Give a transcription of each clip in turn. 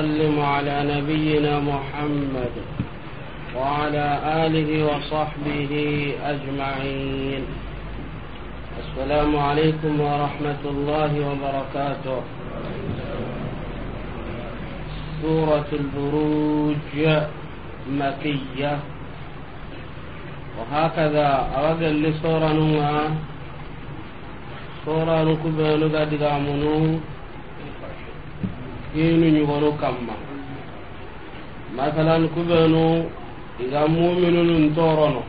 وسلم على نبينا محمد وعلى آله وصحبه أجمعين السلام عليكم ورحمة الله وبركاته سورة البروج مكية وهكذا أرد لسورة نوع سورة نكبة نقدر hinu ñugonu kamma masalan kubenu iga muminunun torono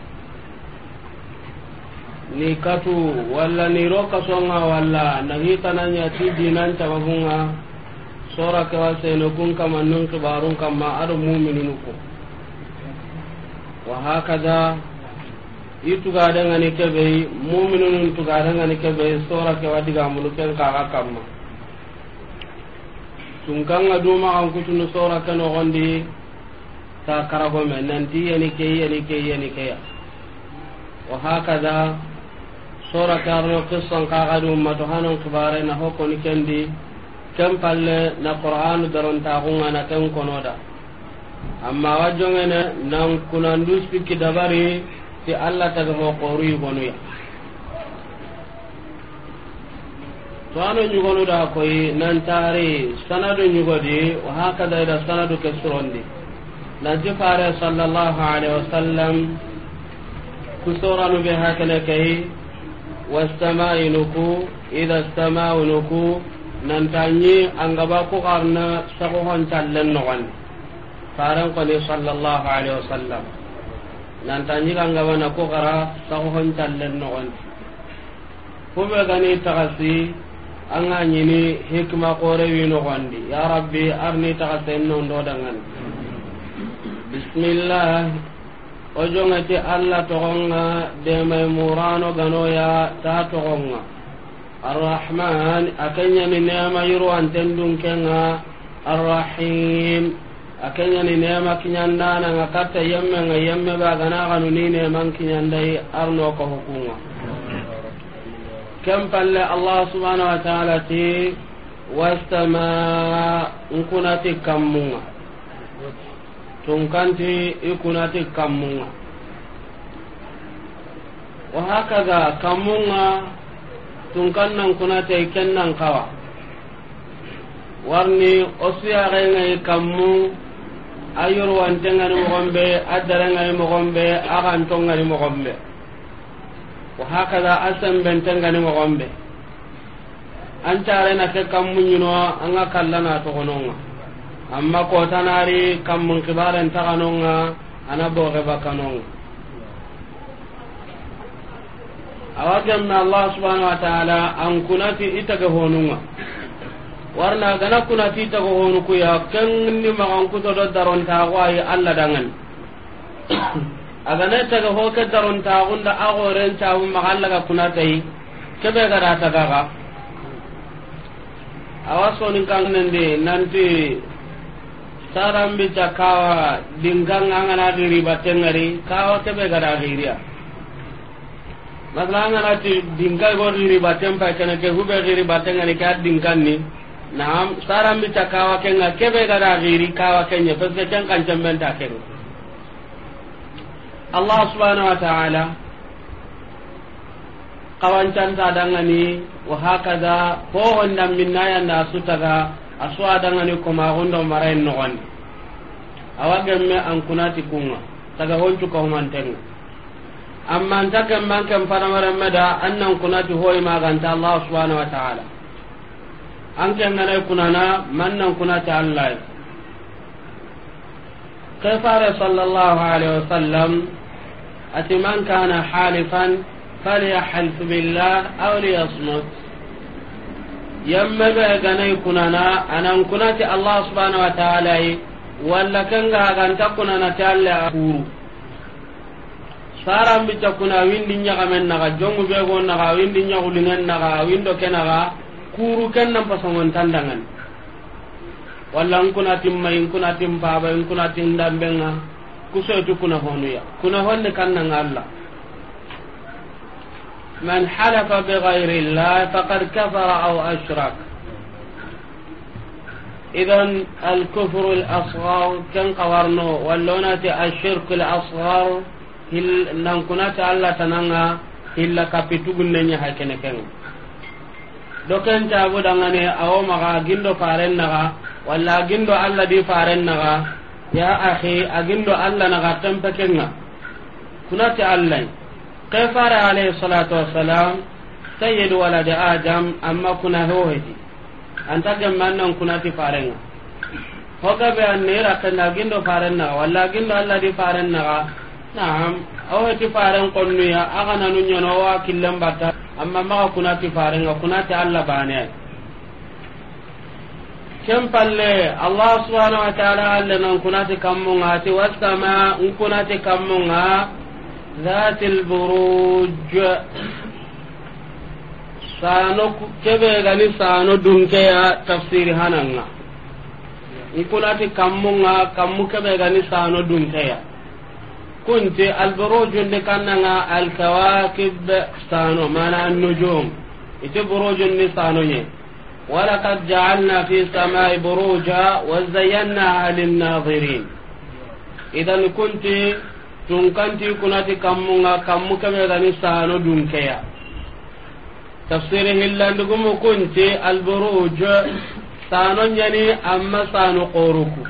ni katu walla ni ro kasonga walla nagi kananyati dinan cababunga sora kewa seno kun kama nun kibarun kama ado muminunu ko wa hakada itugadangani kebei muminunun tugadangani kebei sora kewa digamunu ken kaga kamma tun kanga duma kan kutunu sora kano gondi ta karago me nanti yani ke yani ke yani ke ya wa hakaza sora karno qissan ka ga dum to hanan na hokko ni kendi kam palle na qur'anu daron ta gunga na tan kono da amma wajongene nan kunandu spiki dabari ti allah ta mo qoru gono da koyi nan nantari sanadu ñugodi wa hakada ida sanadu ke surondi nanti fare sallallahu alaihi wasallam kusoranu be hakene kay wassamai nuku ida samau nuku nantañi angaba ku xarna sagohon callen noxondi faren koni sallallahu alaihi wasallam nantañi gangabana ku xara sagohon callen noxondi kube gani taxasi anga ɲini hikma qore wi no gondi ya rabbi arni ta senno ndo dangan bismillah o jongati alla togonga de may murano gano ya ta togonga arrahman akanya ni nema yiro antendun kenga arrahim akanya ni nema kinyandana ngakata yemme ngayemme ba gana ganu ni nema kinyandai arno ko hukunga كم فل الله سبحانه وتعالى تي والسماء نكونت كمونا تنكنتي يكونت كمونا وهكذا كمونا تنكنا نكونت كنا نقوى warni osuyaxengayi kammu a yorwantengani moxon be a darengani moxon be a xantongani moxon be wa hakaza asan benten gani mogonɓe an carena ke kammu ñino an ga kallana togononga amma kotanari kammun kibaren taganonga ana boge bakkanonga awa gemna allah subhanau wa taala an kunati itage honunga warna gana kunati itage honukuya kenni magankutodo darontaxo ayi allah dangan. agana taga hoke daron taxunda a kuna tai ke be kunatayi rata gada ga awa sonin kan nende nanti saran bica kawa dingan angana giri batengari kawa keɓe gada giria masala ti dingai go diri baten pa kana ke huɓe giri batengani ke a dinganni naam saran bica kawa kenga keɓe gada giri kawa kenye parce que ken kan ta ke allah subhanahu wa ta'ala kawancanta dangani wa hakaza ko honda minna a su a dangani kuma gondo A wajen mai an ti kunga taga hunci ko mantenga amma ta kan man kan faramaren mada kuna ti hoyi maganta allah subhanahu wa ta'ala an kan kuna na man nan kunati allah fara sallallahu alaihi wa sallam. ati man halifan falyahlif billah aw liyasmut yamma be ganai kunana anan kunati allah subhanahu wa ta'ala walla kanga ganta kunana ta allah kuru saran bitta kuna windi ñagamen naga jongu ɓego naga windi ñagulingen naga windo ke naga kuru ken nan pasongontandangani walla n kunatin mai n kunatin baba n kunatin dambenga kusoytu kuna honuya kuna honni kannanga allah man halafa bigayri llah faqad kafara aw ashrak idan alkufru lasgar ken kawarno wallonati ashirku lasgar nankunati allah tananga hilla kappi do ken awo maga gindo walla gindo di ya akhi agindo allah na gatan pekenga kunati allah kefara alayhi salatu wassalam sayyidu waladi adam amma kuna hoheti anta gemmannan kunati farenga hogabe annira kana faren farenna walla agindo allah di farenna naam aweti faren konnuya agana nu ñonowa killen batta amma maga kunati farenga kunati allah baneay kem palle allah subhanahu wa ta'ala alle non kunati kammunga ti wasama unkunati kammunga dhatil buruj sano kebe gani sano dunke ya tafsiri hananga unkunati kammunga kammu kebe gani sano dunke ya kunti alburuj ndi kannanga alkawakib sano mana an-nujum ite buruj sano nye ولقد جعلنا في السماء بروجا وزيناها للناظرين إذا كنت tunkanti kunati kammunga kammu keɓegani sahano dunkeya tafsiri hillandigumu kunti alburuj sahano ñani amma sahano qoruku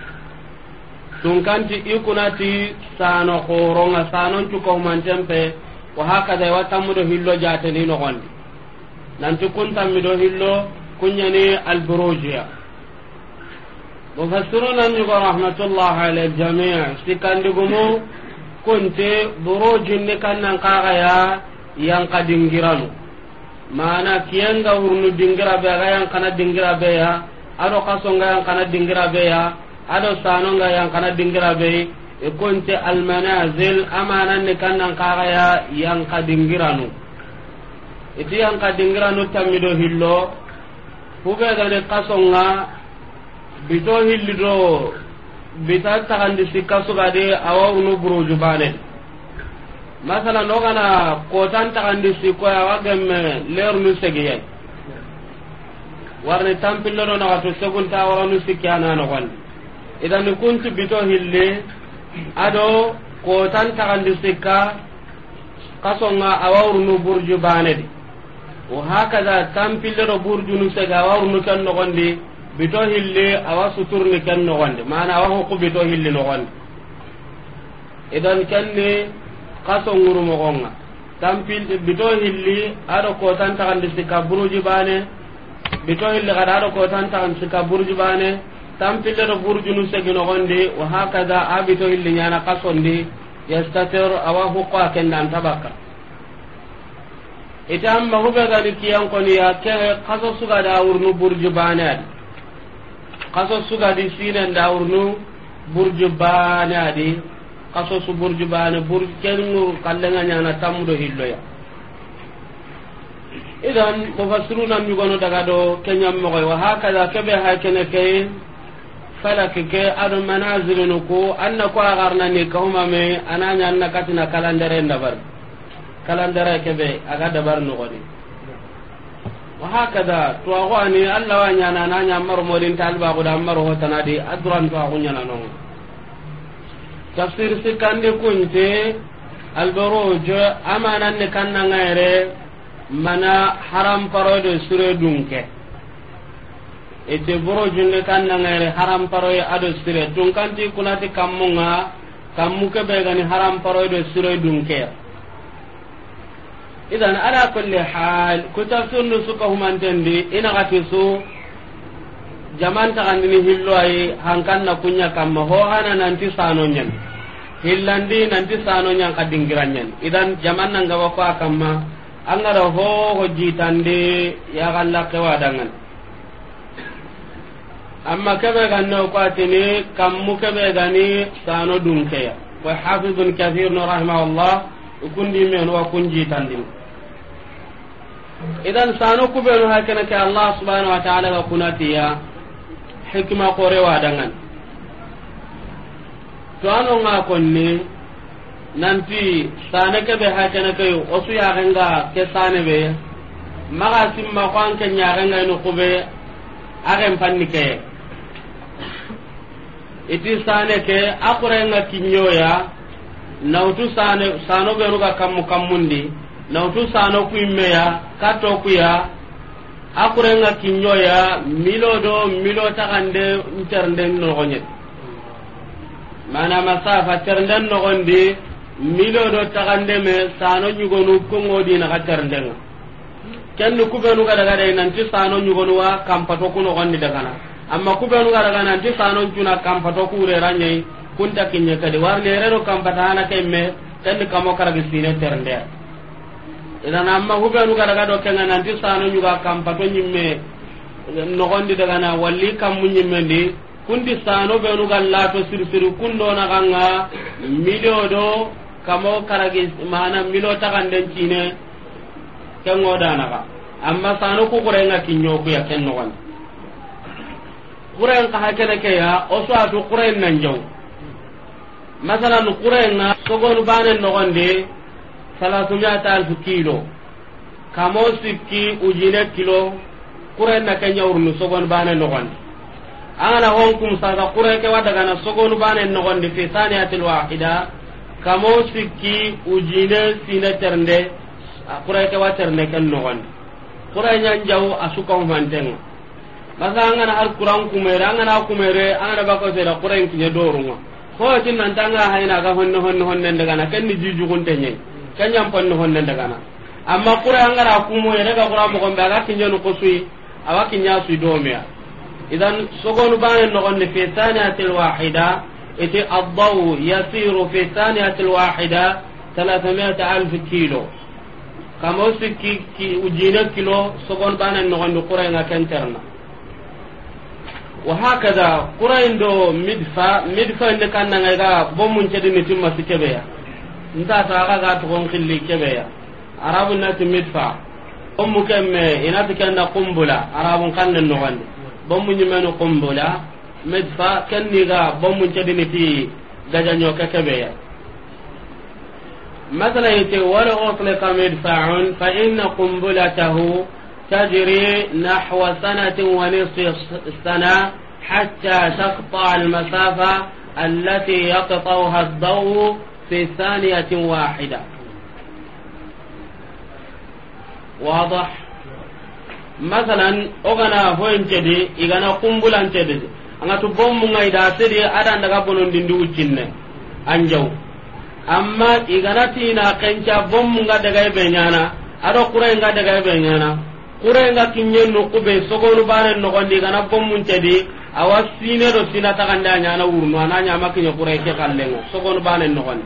tunkanti i kunati sahano qoronga sahanon cukahumanten pe wahakada iwa tammudo hillo jateni nogondi nanti kuntammido hillo kunyani alburujia mufassiruna ñugo rahmatullah ala aljamia sikkandigumu kunte burujinni kannan kaxaya yanka dingiranu mana kiyenga wurnu dingira be aga yankana dingira beya aɗo kasonga yankana dingira beya aɗo sanonga yankana dingira be ikunte e almanazil amananni kannan kaxaya yanka dingiranu iti yanka dingiranu tammido hillo hube gane kasonga bito hillido bita tagandi sikka sugadi awa unu buruju bane masala nogana kotan tagandi sikkoy awa gemme lernu segiyay warni tampillo do nagatu segunta waranu sikki ana nogondi idan kuntu bito hilli ado kotan tagandi sikka kasonga awa urnu burju di. wa hakaza tampille ɗo ɓurjunu sega awa runu ken nogondi ɓito hilli awa suturni ken nogondi mana awa huku ɓito hilli nogondi idan kenni kaso nguru mogonga tampil ɓito hilli aɗo kotan tagandi sika buruji ɓane ɓito hilli kada aɗo kotan tagandi sika buruji ɓane tampille ɗo ɓurjunu segi nogondi wa hakaza a ɓito hilli ñana kasondi yastatir awa huku a kendan tabakka ita an mago be ga di kiyan ko ni ya ke kaso suga da urnu burju bana kaso suga di sinen da urnu burju bana di kaso su burju bana burju kenu kallanga nyana tamudo hilloya idan mufassiruna mi gono daga do kenya mo wa be kebe hakene ke falak ke ado manazilun ko anna ko agarna ni kauma me ananya anna katina kalandare ndabar kalandara kebe aga dabar nogodi wa hakada to ago ani alla wa nyana na nya mar modin talba go da mar ho tanadi adran to ago nyana no tafsir sikande kunte albaruj ne kanna ngare mana haram sure dunke ete kanna ngare haram paroy ado sure dunkanti kunati gani haram paroy sure dunke idan ala kulli hal ku tafsir nu suka humantendi ina gati su jaman tagandini hillo ayi hankan na kunya kamma ho hana ti sano nyen hillandi nanti sano nyen ka dingiran nyen idan jaman nan gawa ko kamma angara ho ho jitande ya galla kewa dangan amma kebe ganno ko atini mu kebe gani sano dunkeya wa hafizun kathir no rahimahullah ukundi men wa kunji tandin idan sano kubenu hakene ke allah subhanahu wa ta'ala ga kunatiya hikma kore wa dangan to ano nga konne nanti sane ke be hakene ke osu ya ganga ke sane be maga simma ko an ke nyaga no kube agem panni ke iti sane ke akure nga kinyoya nautu sane sano beru ga kammu kammundi nautu sano kuimmeya katto kuya akurenga kinyoya milo do milo taxande nternden noxoñet mana masafa ternden noxondi milo do taxande me sano ñugonu kongodinaxa terndenga kenni kubenu ga daga dai nanti sano ñugonu wa kampato ku noxondi na amma kubenu ga daga nanti sano cuna kampato ku reranyei kunta kinye kadi warne warnerero kampata hana kemme kenni kamo karagi sine terndeya idan amma hubenu ga daga do kenga nanti sano nyuga kampato nyimme nogondi daga na walli kammu nyimmendi kundi sano benu ga lato sirsiri kundo na kanga milio do kamo karagi mana milo takanden cine kengo ka amma sano ku nga kinyo ku ya ken nogondi kuren ka hakene ke ya oso atu kuren nan jaw masalan kuren na sogonu banen nogondi salasumiyata alfu kilo kamo sikki ujine kilo kuren na kenya urnu sogon bane nogondi angana honkum sasa kure ke wadagana sogon bane nogondi fi saniyatil wahida kamo sikki ujine sine ternde kure ke waterne ken nogondi kure nyanjaw asuka humantenga basa angana har kuran kumere angana kumere angana bako seda kure kinya dorunga ko tin nan tanga hayna ga honno honno honne daga na kenni jiju guntenye kanyam panno honne daga na amma qura ngara kumo yere ga qura mo gon be aga kinyo ko sui awa kinya sui do me idan sogonu bane no gonne fi thaniyatil wahida ite ad-daw yasiru fi thaniyatil wahida 300000 kilo kamo sikki ki ujina kilo sogon bane no gonne kura nga kenterna wa hakaza qura ndo midfa midfa ne kanna ga bomun cedi ne timma nta taaga ga togon killi kebeya arabu nati midfa bommu kemme inati kenna kumbula arabun kanne nogondi bommu ñimenu kumbula midfa kenniga bommu cediniti gajañoke kebeya مثلا يتي ولا أطلق مدفع فإن قنبلته تجري نحو سنة ونصف سنة حتى تقطع المسافة التي يقطعها الضوء في ثانية واحدة واضح مثلا ogana hoyencedi igana kumbulancedi angatu bommungai da sedi ada ndaga nukube sogonu a ñana wurnu ana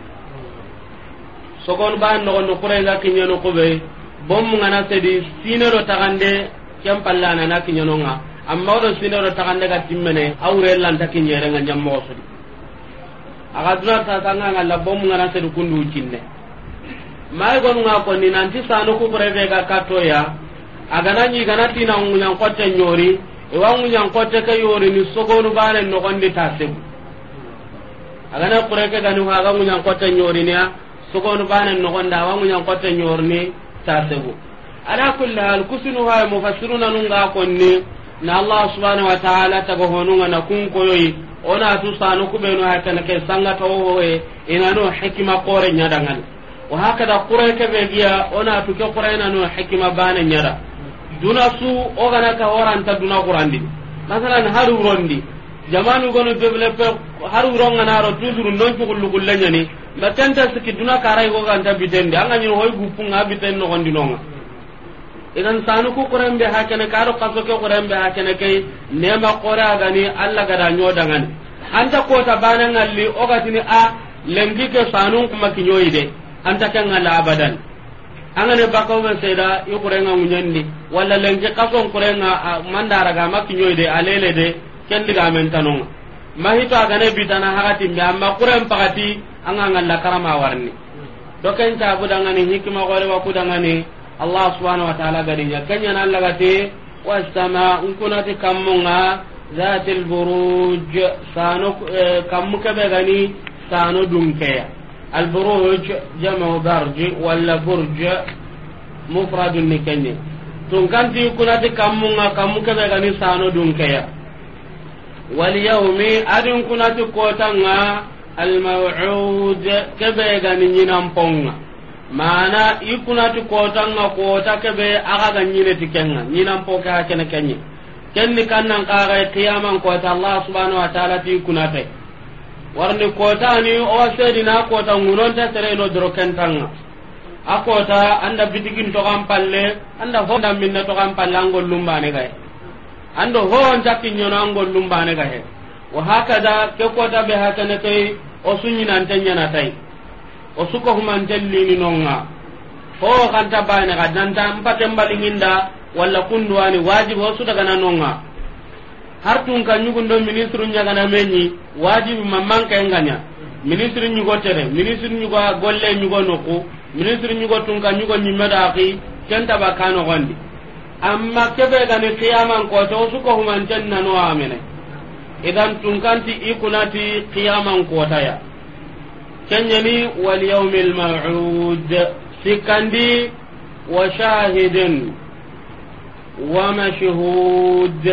sogon ba no no kure ga kinyo no kube bom ngana sedi sine ro tagande kem pallana na kinyo no nga amma ro sine ro tagande ga timmene awre lan ta kinyo re ngam mo sodi aga duna ta tanga ngala bom ngana sedi kundu jinne mai gon nga ko ni nanti sano ku kure ka kato ya aga na nyi gana tina ngunya kotte nyori e wa ngunya kotte ka yori ni sogon sogonu bane no gonde ta sebu aga na kure ke ga ni ha ga ngunya kotte nyori ne sogonu banen wangu awanguñan kotte nyorni tasebu ala kulli hal kusinu ha mufassiruna ga konni na allah subhanahu wa ta'ala tago honunga na kun koyi ona tu sanu kubenu ha tan ke sanga to ina inano hikma qore nyadangan wa hakada qure ke be giya ona tu ke na inano hikma bana nyada duna su gana ka ta duna qurandi masalan haru rondi jamanu gonu develop haru ronga naro tuzuru non ko kullu kullanyani la tanta sikiduna karai go ganta bitendi anga nyi hoy gupunga biten no gondinonga idan sanu ku qur'anbe hakene karo kaso ke qur'anbe hakene kai nema qora gani alla gada nyoda ngani anta kota bana ngalli ogatini a lengi ke sanu kuma kinyoide anta kan ngala abadan angane bakaw men seda i qurenga munyandi walla lengi kaso qurenga mandara ga makinyoide alele de kendi ga men tanonga mahito agane bitana hakatimbe amma quren pakati anga ngalla karama warni to ken ta budangani hikma gore wa kudangani allah subhanahu wa ta'ala garinya kanya nan lagati wasama unkunati kammunga zatil buruj eh, al buruj jamu wala burj ni kenya tun wal yawmi adin kotanga almawud kebe gani nyinan ponga mana ikunati kotanga kota kebe aga ga nyine tikenga nyinan poka hakene kenye kenni kannan kaga qiyaman kota allah subhanahu wa ta'ala ti kunate warni kota ni o sedi na kota ngunon ta sere no dro a kota anda bitigin to kampalle anda honda minna to kampalle angol lumbane gae ando ho on jakki nyono angol lumbane gae wa hakada ke kota be hakane tay o sunyi nan tanya na tay o suko human telli ni nonga ho kanta bana ga dan ta empate mbalinginda walla kundu ani wajib o sudaga har kan nyugun do ministru na menyi wajib mamman ka enganya Ministre nyugo tere ministre nyugo golle nyugo noku ministre nyugo tun kan nyugo nyimeda akhi kenta ba kano gondi amma kebe ga ni ama ko to suko human tan nanu amene idan tunkanti ikunati qiyaman kotaya kenyani wal yawmil maw'ud sikandi wa shahidin wa mashhud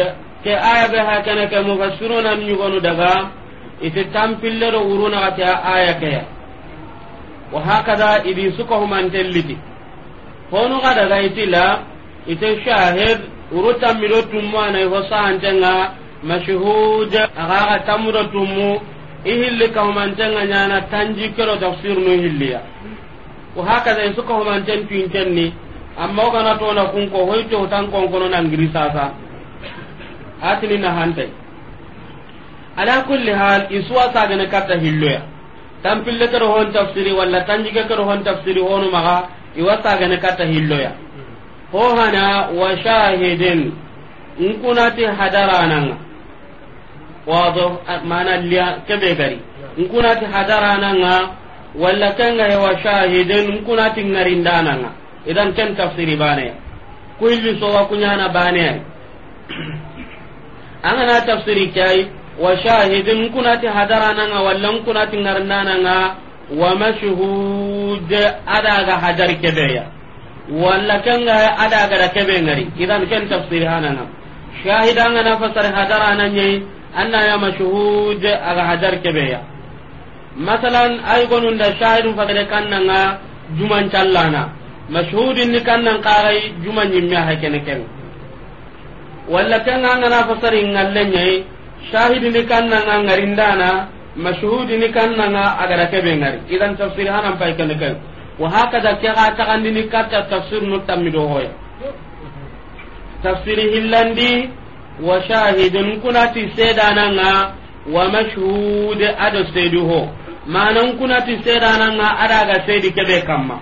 ke aya be hakana ke mufassiruna nyugonu daga ite tampille do uruna ate aya ke wa hakada idi suko humantelliti honu kada gaitila ite shahid urutan tumma na ho antenga mashhuja aga tamura tumu ihilli nga nyana tanji kero tafsir nu hilliya wa hakaza isu kahumanten tuintenni amma ogana tona kunko tan hotan konkono nangiri sasa atini nahante ala kulli hal isuwa sagane katta hilloya tampille kero hon tafsiri walla tanji kero hon tafsiri honu maga iwa sagane katta hilloya ho hmm. hana wa shahidin nkunati hadarananga wado mana liya kebe gari nkuna ti hadara nanga walla kanga ya wa shahidin nkuna ti ngarinda nanga idan kan tafsiri bane kulli so wa kunyana bane angana tafsiri kai wa shahidin nkuna ti hadara nanga walla nkuna ti ngarinda nanga wa mashhud adaga hadar kebe ya walla kanga adaga da kebe ngari idan kan tafsiri hananga shahidanga na fasari hadara nanye anna ya mashhud aga hadar kebeya masalan ay gonun da shahidun fagale kannanga juman challana mashhudin ni kannan qarai juman nyimme ha kene ken walla kan na fasari ngallenya shahidin ni kannan ngarindana mashhudin ni kannanga agara kebe ngari idan tafsir hanan pai kene ken wa hakada ke ha ta kandini katta tafsir nu tammido hoya tafsiri hillandi wa shahidin kunati sedananga wa mashhud ado seduho manan kunati sedananga adaga sedi kebe kamma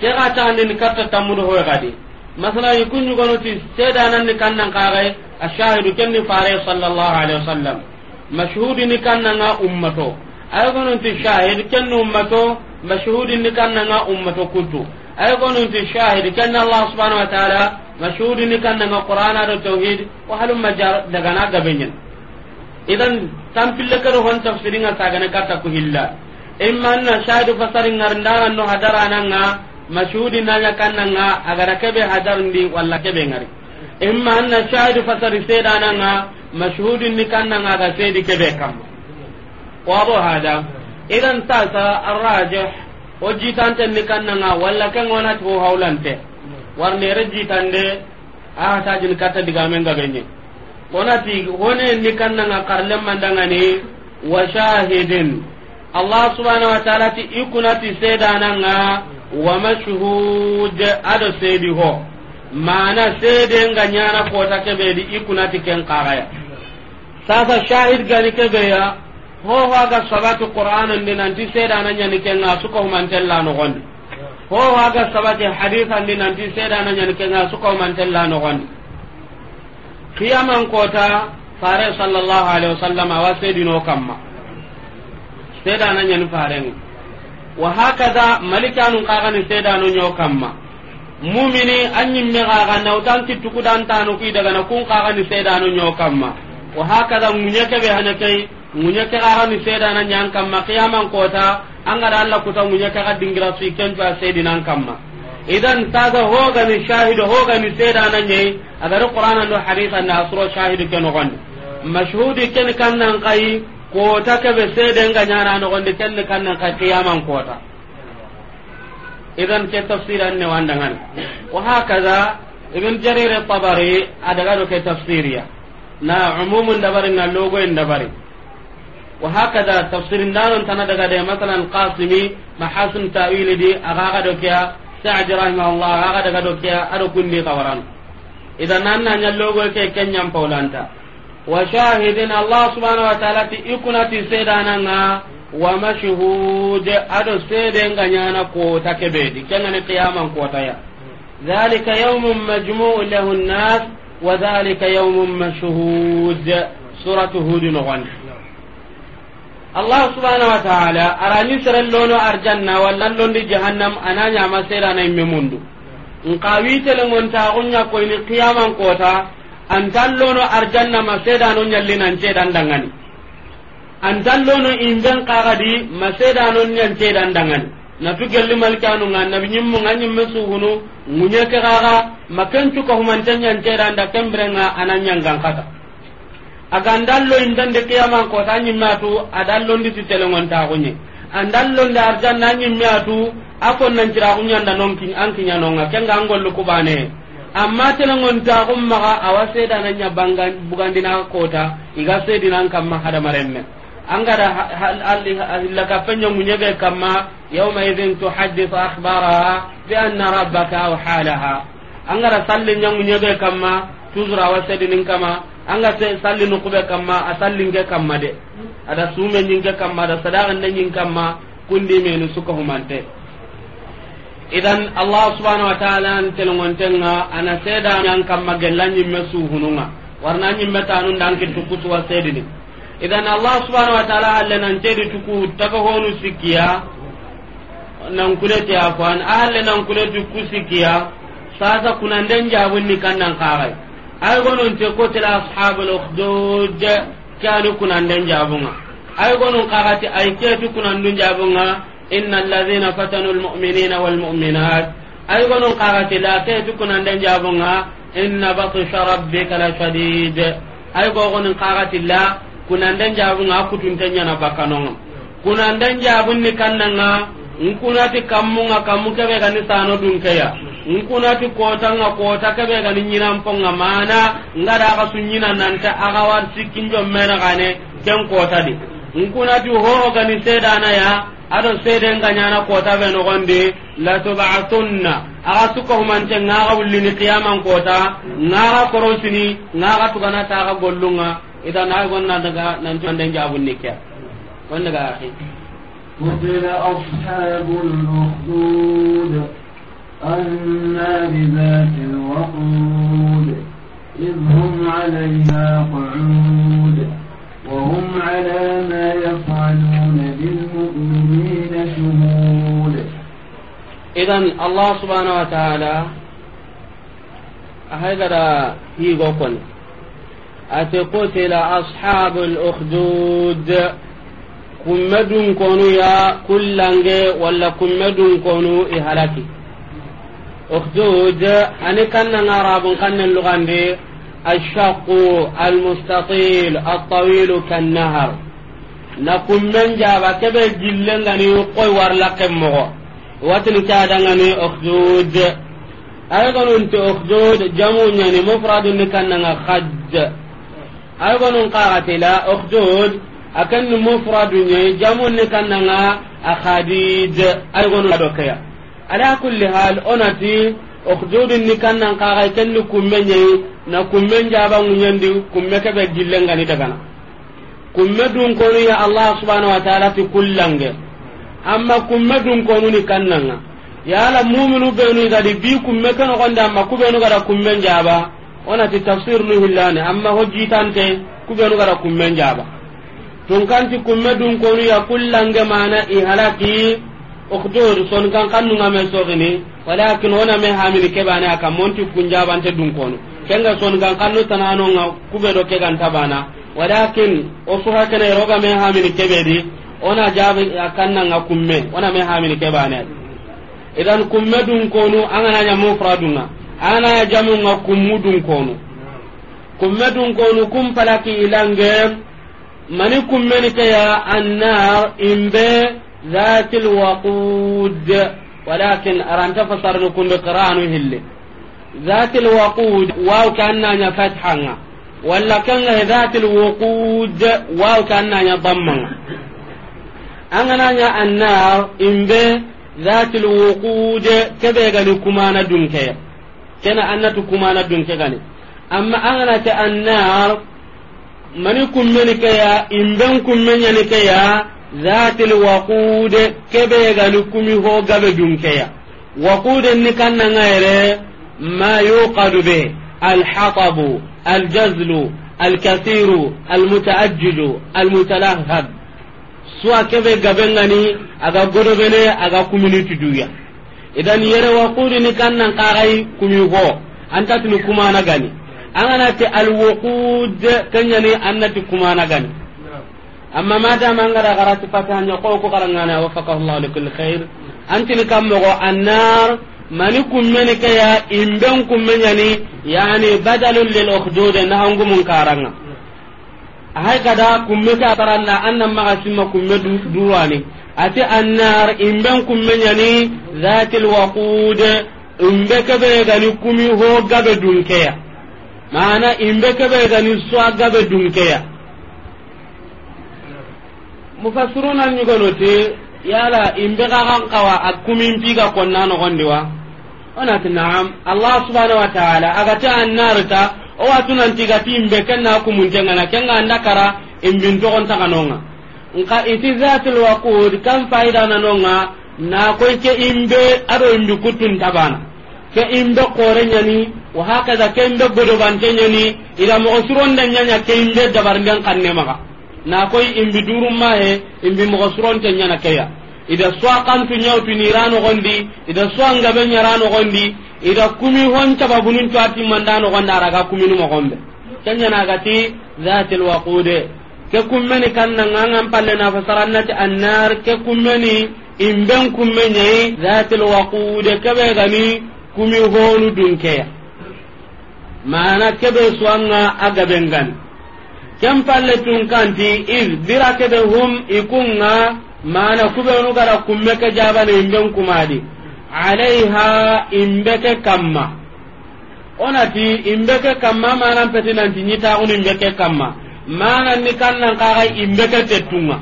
ke ga tandin katta tamudo ho gadi masala yikunyu gonoti sedanan ni kannan kare ashahidu kenni fare sallallahu alaihi wasallam mashhud ni kannanga ummato ay ti shahidu kenni ummato mashhud ni kannanga ummato kuntu ay ti shahidu kenna allah subhanahu wa ta'ala mashhudi ni kan nga qur'ana do tauhid wa halum majar daga na gabenyen idan tampille ka do hon tafsirin ga saga na kata ku hilla imma na shahadu fasarin ngarndana no hadara nanga mashhudi na ya kan nga agara kebe hadar ndi walla kebe ngari imma na shahadu fasari seda nanga mashhudi ni kan nga ga sedi kebe kam wa bo hada idan tasa arrajih o jitante ni kan nga walla kan wona to hawlante warnere jitande a tajini katta digamen gabenye onati hone ni kannanga karlen mandangani wa shahidin allah subhanahu wa ta'ala ti ikunati sedananga wa mashhud ado sedi ho mana sede nga nyana di ikuna ti ken karaya sasa shahid gani ya ho ho aga sabatu qur'anan dinan ti sedana nyani ken asuko humantella no gondi ko waga sabati hadithan ni nanti seda na nyani kenga suka mantella no gon qiyamang kota fare sallallahu alaihi wasallam wa sedino kamma seda na nyani fare wa hakaza malikanu kaga ni seda no nyo kamma mumini anyin me kaga na utanti tukudan tanu ki daga na kun kaga ni seda no nyo kamma wa hakaza munyake be hanakai munye ke gara ni seda na nyang kamma kota anga da Allah dingira su ken to nan idan taga hoga ni shahido hoga ni seda na nyai agar qur'ana do hadithan na asro shahido ken gon mashhudi ken kan nan kai kota ke be seda nga nyana no gon de ken kan nan kai kota idan ke tafsiran ne wandangan wa hakaza ibn jarir tabari adaga do ke tafsiriya na umumun dabarin na logo dabarin وهكذا تفسير النار دار تندق مثلا القاسمي محاسن تأويل دي أغاقدك دوكيا سعد رحمه الله أغاقدك دوكيا أركن دي قوران إذا نانا نلوغو كي كن ينفولانتا وشاهد الله سبحانه وتعالى إكنا سيدانا ومشهود أدو سيدين غنيانا كوتا كبيدي كنا نقياما يعني كوتا يا ذلك يوم مجموع له الناس وذلك يوم مشهود سورة هود نغني allah subhanahu wa ta'ala arani lono arjanna wallallondi jahannam ana ñama serana imme mundu nka ko koyni qiyaman kota lono arjanna ma sedano ñallinan cedan dangani antallono imben kaxadi ma sedano ñan cedan dangani natu gelli malkanunga nabi ñimmunga ñimme suhunu ŋuñe kexaxa ma kencukahumanten ñan cedanda kembirenga ana ñangan xata agandallo indande kiyaman kota ñimmeatu adallondi ti telengontaxuñe andallonde arjanna ñimmeatu a konnantiraxuñanda non an kiñanonga kenga an gollu kubane amma telengontaxum maxa awa seedana ña bugandina kota iga seedinan kamma hadamarenme angada hillakappeñonguñeɓe kamma yaumaidin tuhadis ahbaraha bi anna rabbaka aw halaha angada salle ñanguñeɓe kamma toujours awa seedinin kama anga se salli no kube kamma a sallin ge kamma de ada sume nyin ge kamma ada sadaqan de nyin kamma kundi menu suka humante idan allah subhanahu wa ta'ala an telongontenga ana seda nan kamma gelanyi mesu hununga warna nyi metanun dan kitu kutuwa sedini idan allah subhanahu wa ta'ala halle nan tedi tuku taka honu sikiya nan kulete afwan halle nan kulete kusikiya sasa kunanden jabunni kannan kagai ay gonon te ko ashabul ukhdud kanu kunan jabunga ay kagati ay ketu kunan jabunga innal ladhina fatanu almu'minina walmu'minat ay gonon kagati la ketu kunan jabunga inna batsha rabbika la shadid ay kagati la kunan jabunga kutun tanya na bakanon kunan jabun ni kannanga nkunati sano dunkeya nkunati kotanga kota kebe gani ñinanponga mana da aga su ñina nanta aga war sikkinjom mena gane ken di nkunati hoho gani sedanaya ado sedenga nyana kota be nogondi latubatunna aga sukohumante ngaga wullini qiyaman kota nga ngaga korosini ngaga tuganata aga gollunga na ay gonna daga nan nantuanden jabunni ke gon daga axi قتل أصحاب الأخدود النار ذات الوقود إذ هم عليها قعود وهم على ما يفعلون بالمؤمنين شهود إذا الله سبحانه وتعالى هذا هيغوكن أتقتل أصحاب الأخدود كمدن كونو يا كلنجي ولا كمدن كونو إهلاكي اخدود أني كان نراب كان اللغاندي الشق المستطيل الطويل كالنهر نقوم من جابا كبه جلن غني قوي ورلق مغو واتن كادا غني اخدود أيضا أنت اخدود جمو يعني مفرد كان خد أيضا قالت لا اخدود أكن مفرد جمو كان أخاديد أيضا أدوكيا ala kulli hal onati okjudin ni kannan kaga kenni kumme nyi na kumme njaba ngunyandi kumme kebe gillenga ni dagana kumme dun konu ya allah subhanahu wa ta'ala ti kullange amma kumme dun konu ni kannanga yala mu'minu benu gadi bi kumme kano gonda amma kubenu gada kumme njaba onati tafsir nu hillane amma hojjitante kubenu gada kumme njaba tun kanti kumme dun konu ya kullange mana ihalaki oktoru son kan kannu ngame sogini walakin wona me hamini kebane aka monti kunjabante dun kenga son kan kannu tanano nga kube do kegan tabana walakin o suha kana roga me hamini kebedi ona jabi akanna nga kumme ona me hamini kebane idan kumme dun kono angana nya mufraduna ana jamu nga kummu dun kono kumme dun kono kum palaki ilange mani kummeni ni kaya annar imbe ذات الوقود ولكن أرانت فصار نكون قرآن هلي ذات الوقود واو كأننا فتحنا ولا كان ذات الوقود واو كأننا ضمنا أننا النار إن به ذات الوقود كبيغني كمانا دنكي كان أنت كمانا دنكي غني أما أننا النار من يكون منك يا إن بنكم من imben يا zatil waqude kebe gani kumi ho gabe dunkeya waqude ni kanna ngaire ma yuqadu be alhatabu aljazlu alkathiru almutaajjiju almutalahhab suwa kebe gabe ngani aga godobene aga kuminiti tuduya idan yere waqudi ni kanna qarai kumi ho antatini kumana gani anganati alwaqud kanyani annati kumana gani amma ma dama an gara gara sifati hanya ko ko karangana wa faqahu Allah li kulli khair antini kam mogo annar mani kummeni ke ya imben kummenya ni yani badalul lil ukhdud na hangu mun karanga hay kada kumme ka taranna annam maga simma kumme du duwani ati annar imben kummenya ni zatil waqud imbe kebe gani kumi ho gabe dunkeya mana imbe kebe gani swa gabe dunkeya mufassiruna ñugonoti yala imbe kakan kawa a kumin piga konna nogondi wa onati naam allah subhanahu wa taala agati annarita o watunantigati imbe kenna kumuntengana kenga anda kara imbintogontaganonga nka iti zatil waqud kam faidananonga na koy ke imbe aɗo imbi kuttuntabana ke imbe kore ñani wahakaza ke imbe godobante ñani ida mogo sironda ñaña ke imbe dabarnden kannemaga na koy imbi durum mahe imbi mogo suronte nyana keya ida swa kantu nyawtu ni rano gondi ida swa ngabe nyarano gondi ida kumi hon caba bunun tuati mandano gonda raga kumi no mogombe kanya na gati zatil waqude ke kummeni kanna ngangam palle na fasarannati annar ke kummeni imben kummenye zatil waqude kebe gani kumi honu dunkeya mana kebe swanga agabe ngani kem palle tun kanti iz bira kebe hum ikunga mana no gara kumme ke jabane kuma kumadi alaiha imbeke kamma onati imbeke kamma mana peti nanti nyita un imbeke kamma mana ni kannan kaga imbeke tetunga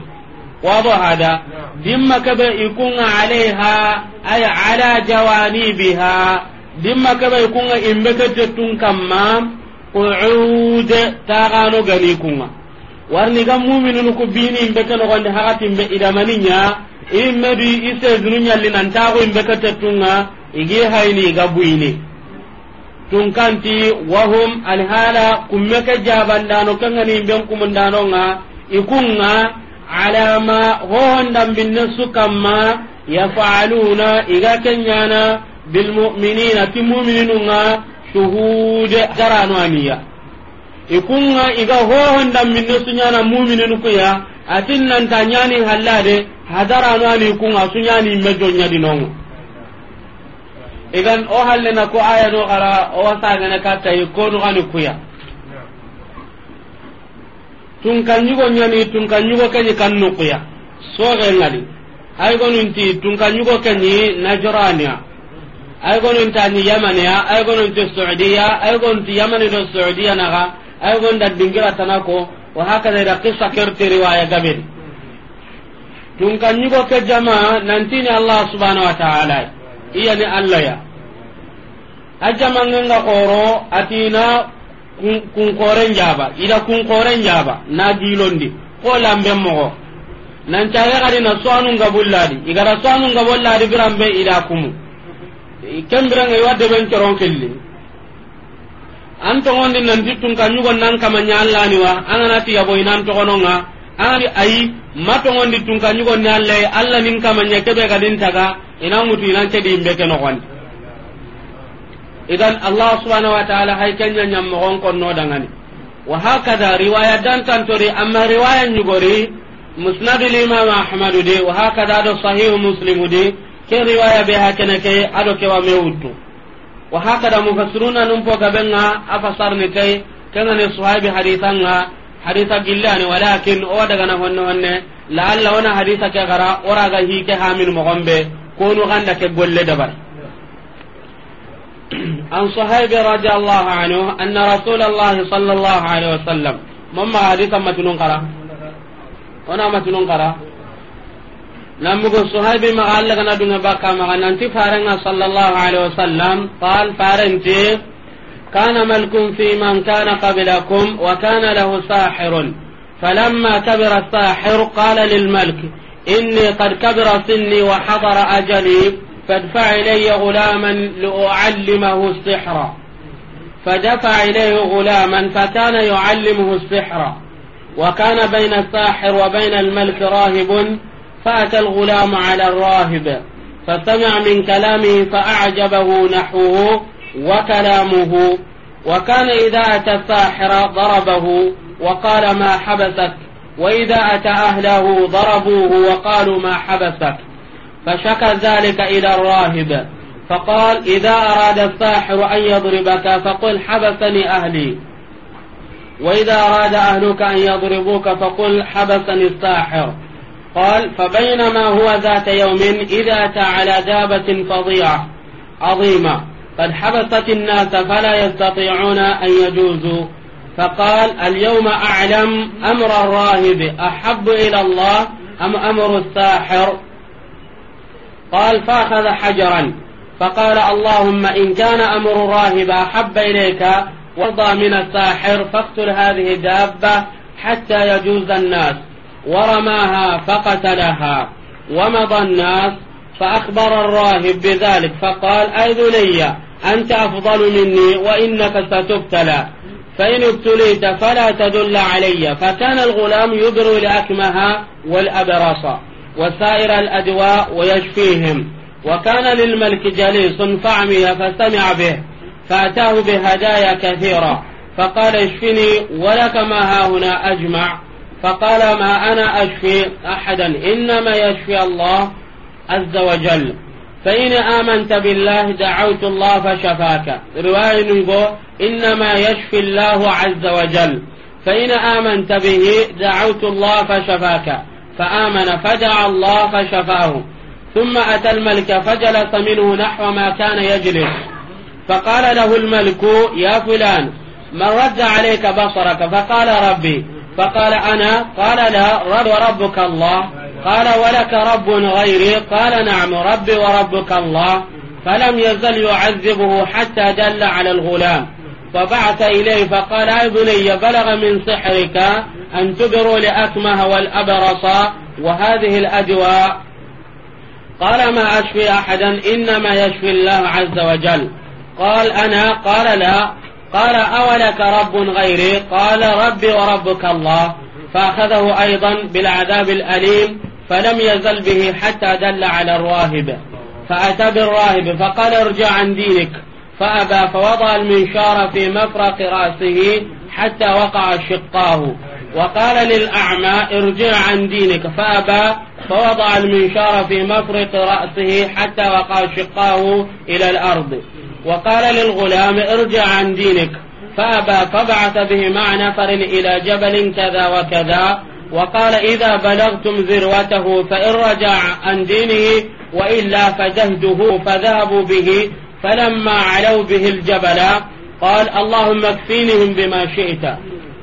wado hada dimma kebe ikunga alaiha ay ala jawani biha dimma kebe ikunga imbeke tetun kamma qu'ud tagano gani kunga warni ga mu'minun ku bini imbe ke nogondi hakati imbe idamaninya imme du ise zunu nyalli nan tago imbe ke tetunga igi hayni ga buini tun wahum alhala kumme ke jabandano kengani imben kumundanonga ikunga alama hohondambinne sukamma yafaluna iga kenyana bilmuminina ti mumininunga shuhude jarano aniya ikunga iga hohon damminne suñana muminen kuya atin nanta ñani hallade hadarano ani kunga suñani imme jonñadinongo igan o hallena ko aya o ayano gara owasagene kattayi konugani kuya tunkanñugo ñani tunkanñugo keñi kan so tun nukuya soxengadi aygonunti tunkanñugo keñi najorania ay gonon ta yamaniyaa yaman ya ay gonon ta saudiya ay do saudiya naxa ay gonon da dingira tanako wa ida da qissa kerti riwaya gabin tun kan ni go ke jama nanti ni allah subhaana wa ta'ala iya ni allah ya ajama nga koro atina kun koren jaba ida kun koren jaba na gilondi ko lambe mogo nan caga gari na swanu ngabulladi igara swanu ngabulladi birambe ida kumu kembiranga iwa deben coron kelli an togondi nanti tun ka ñugon nan kama wa allaniwa anganati yaboyi nan togononga angani ayi ma togondi tun ka ñugonni allayi allah nin kamanya keɓe gadin taga ina ŋutu inan cedi imbe ke nogondi idan allah subhanahu wa taala hay kenya ñammogon konno dangani wa hakada riwaya dantantori amma riwaya ñugori musnadu limam ahmadu de wa hakada do sahihu muslimu de ke riwaya be hakene ke ado ke wa mewuttu wa hakada mufassiruna num po gabenga afasarni tay kana ne sahabi hadithanga haditha gillani walakin o daga na honne honne la'alla wana haditha ke gara ora ga hi ke hamin mo gombe konu ganda ke golle dabar an sahabi radiyallahu anhu anna rasulullahi sallallahu alaihi wasallam mamma haditha matunun qara ona matunun qara نمبغو صحيب ما قال لك نبينا باكا ما أنت فارنا صلى الله عليه وسلم قال فارنتي كان ملك في من كان قبلكم وكان له ساحر فلما كبر الساحر قال للملك إني قد كبر سني وحضر أجلي فادفع إلي غلاما لأعلمه السحر فدفع إليه غلاما فكان يعلمه السحر وكان بين الساحر وبين الملك راهب فأتى الغلام على الراهب فسمع من كلامه فأعجبه نحوه وكلامه وكان إذا أتى الساحر ضربه وقال ما حبسك وإذا أتى أهله ضربوه وقالوا ما حبسك فشكى ذلك إلى الراهب فقال إذا أراد الساحر أن يضربك فقل حبسني أهلي وإذا أراد أهلك أن يضربوك فقل حبسني الساحر قال فبينما هو ذات يوم إذا أتى على دابة فظيعة عظيمة قد حبست الناس فلا يستطيعون أن يجوزوا فقال اليوم أعلم أمر الراهب أحب إلى الله أم أمر الساحر قال فأخذ حجرا فقال اللهم إن كان أمر الراهب أحب إليك وارضى من الساحر فاقتل هذه الدابة حتى يجوز الناس ورماها فقتلها ومضى الناس فأخبر الراهب بذلك فقال أي ذلي أنت أفضل مني وإنك ستبتلى فإن ابتليت فلا تدل علي فكان الغلام يبر لأكمها والأبرص وسائر الأدواء ويشفيهم وكان للملك جليس فعمي فسمع به فأتاه بهدايا كثيرة فقال اشفني ولك ما هنا أجمع فقال ما أنا أشفي أحدا إنما يشفي الله عز وجل فإن آمنت بالله دعوت الله فشفاك رواية نقول إنما يشفي الله عز وجل فإن آمنت به دعوت الله فشفاك فآمن فدعا الله فشفاه ثم أتى الملك فجلس منه نحو ما كان يجلس فقال له الملك يا فلان من رد عليك بصرك فقال ربي فقال أنا قال لا رب وربك الله قال ولك رب غيري قال نعم ربي وربك الله فلم يزل يعذبه حتى دل على الغلام فبعث إليه فقال يا بني بلغ من سحرك أن تبروا لأكمه والأبرص وهذه الأدواء قال ما أشفي أحدا إنما يشفي الله عز وجل قال أنا قال لا قال أولك رب غيري قال ربي وربك الله فأخذه أيضا بالعذاب الأليم فلم يزل به حتى دل على الراهب فأتى بالراهب فقال ارجع عن دينك فأبى فوضع المنشار في مفرق رأسه حتى وقع شقاه وقال للأعمى ارجع عن دينك فأبى فوضع المنشار في مفرق رأسه حتى وقع شقاه إلى الأرض وقال للغلام ارجع عن دينك فأبى فبعث به مع نفر إلى جبل كذا وكذا وقال إذا بلغتم ذروته فإن رجع عن دينه وإلا فجهده فذهبوا به فلما علوا به الجبل قال اللهم اكفينهم بما شئت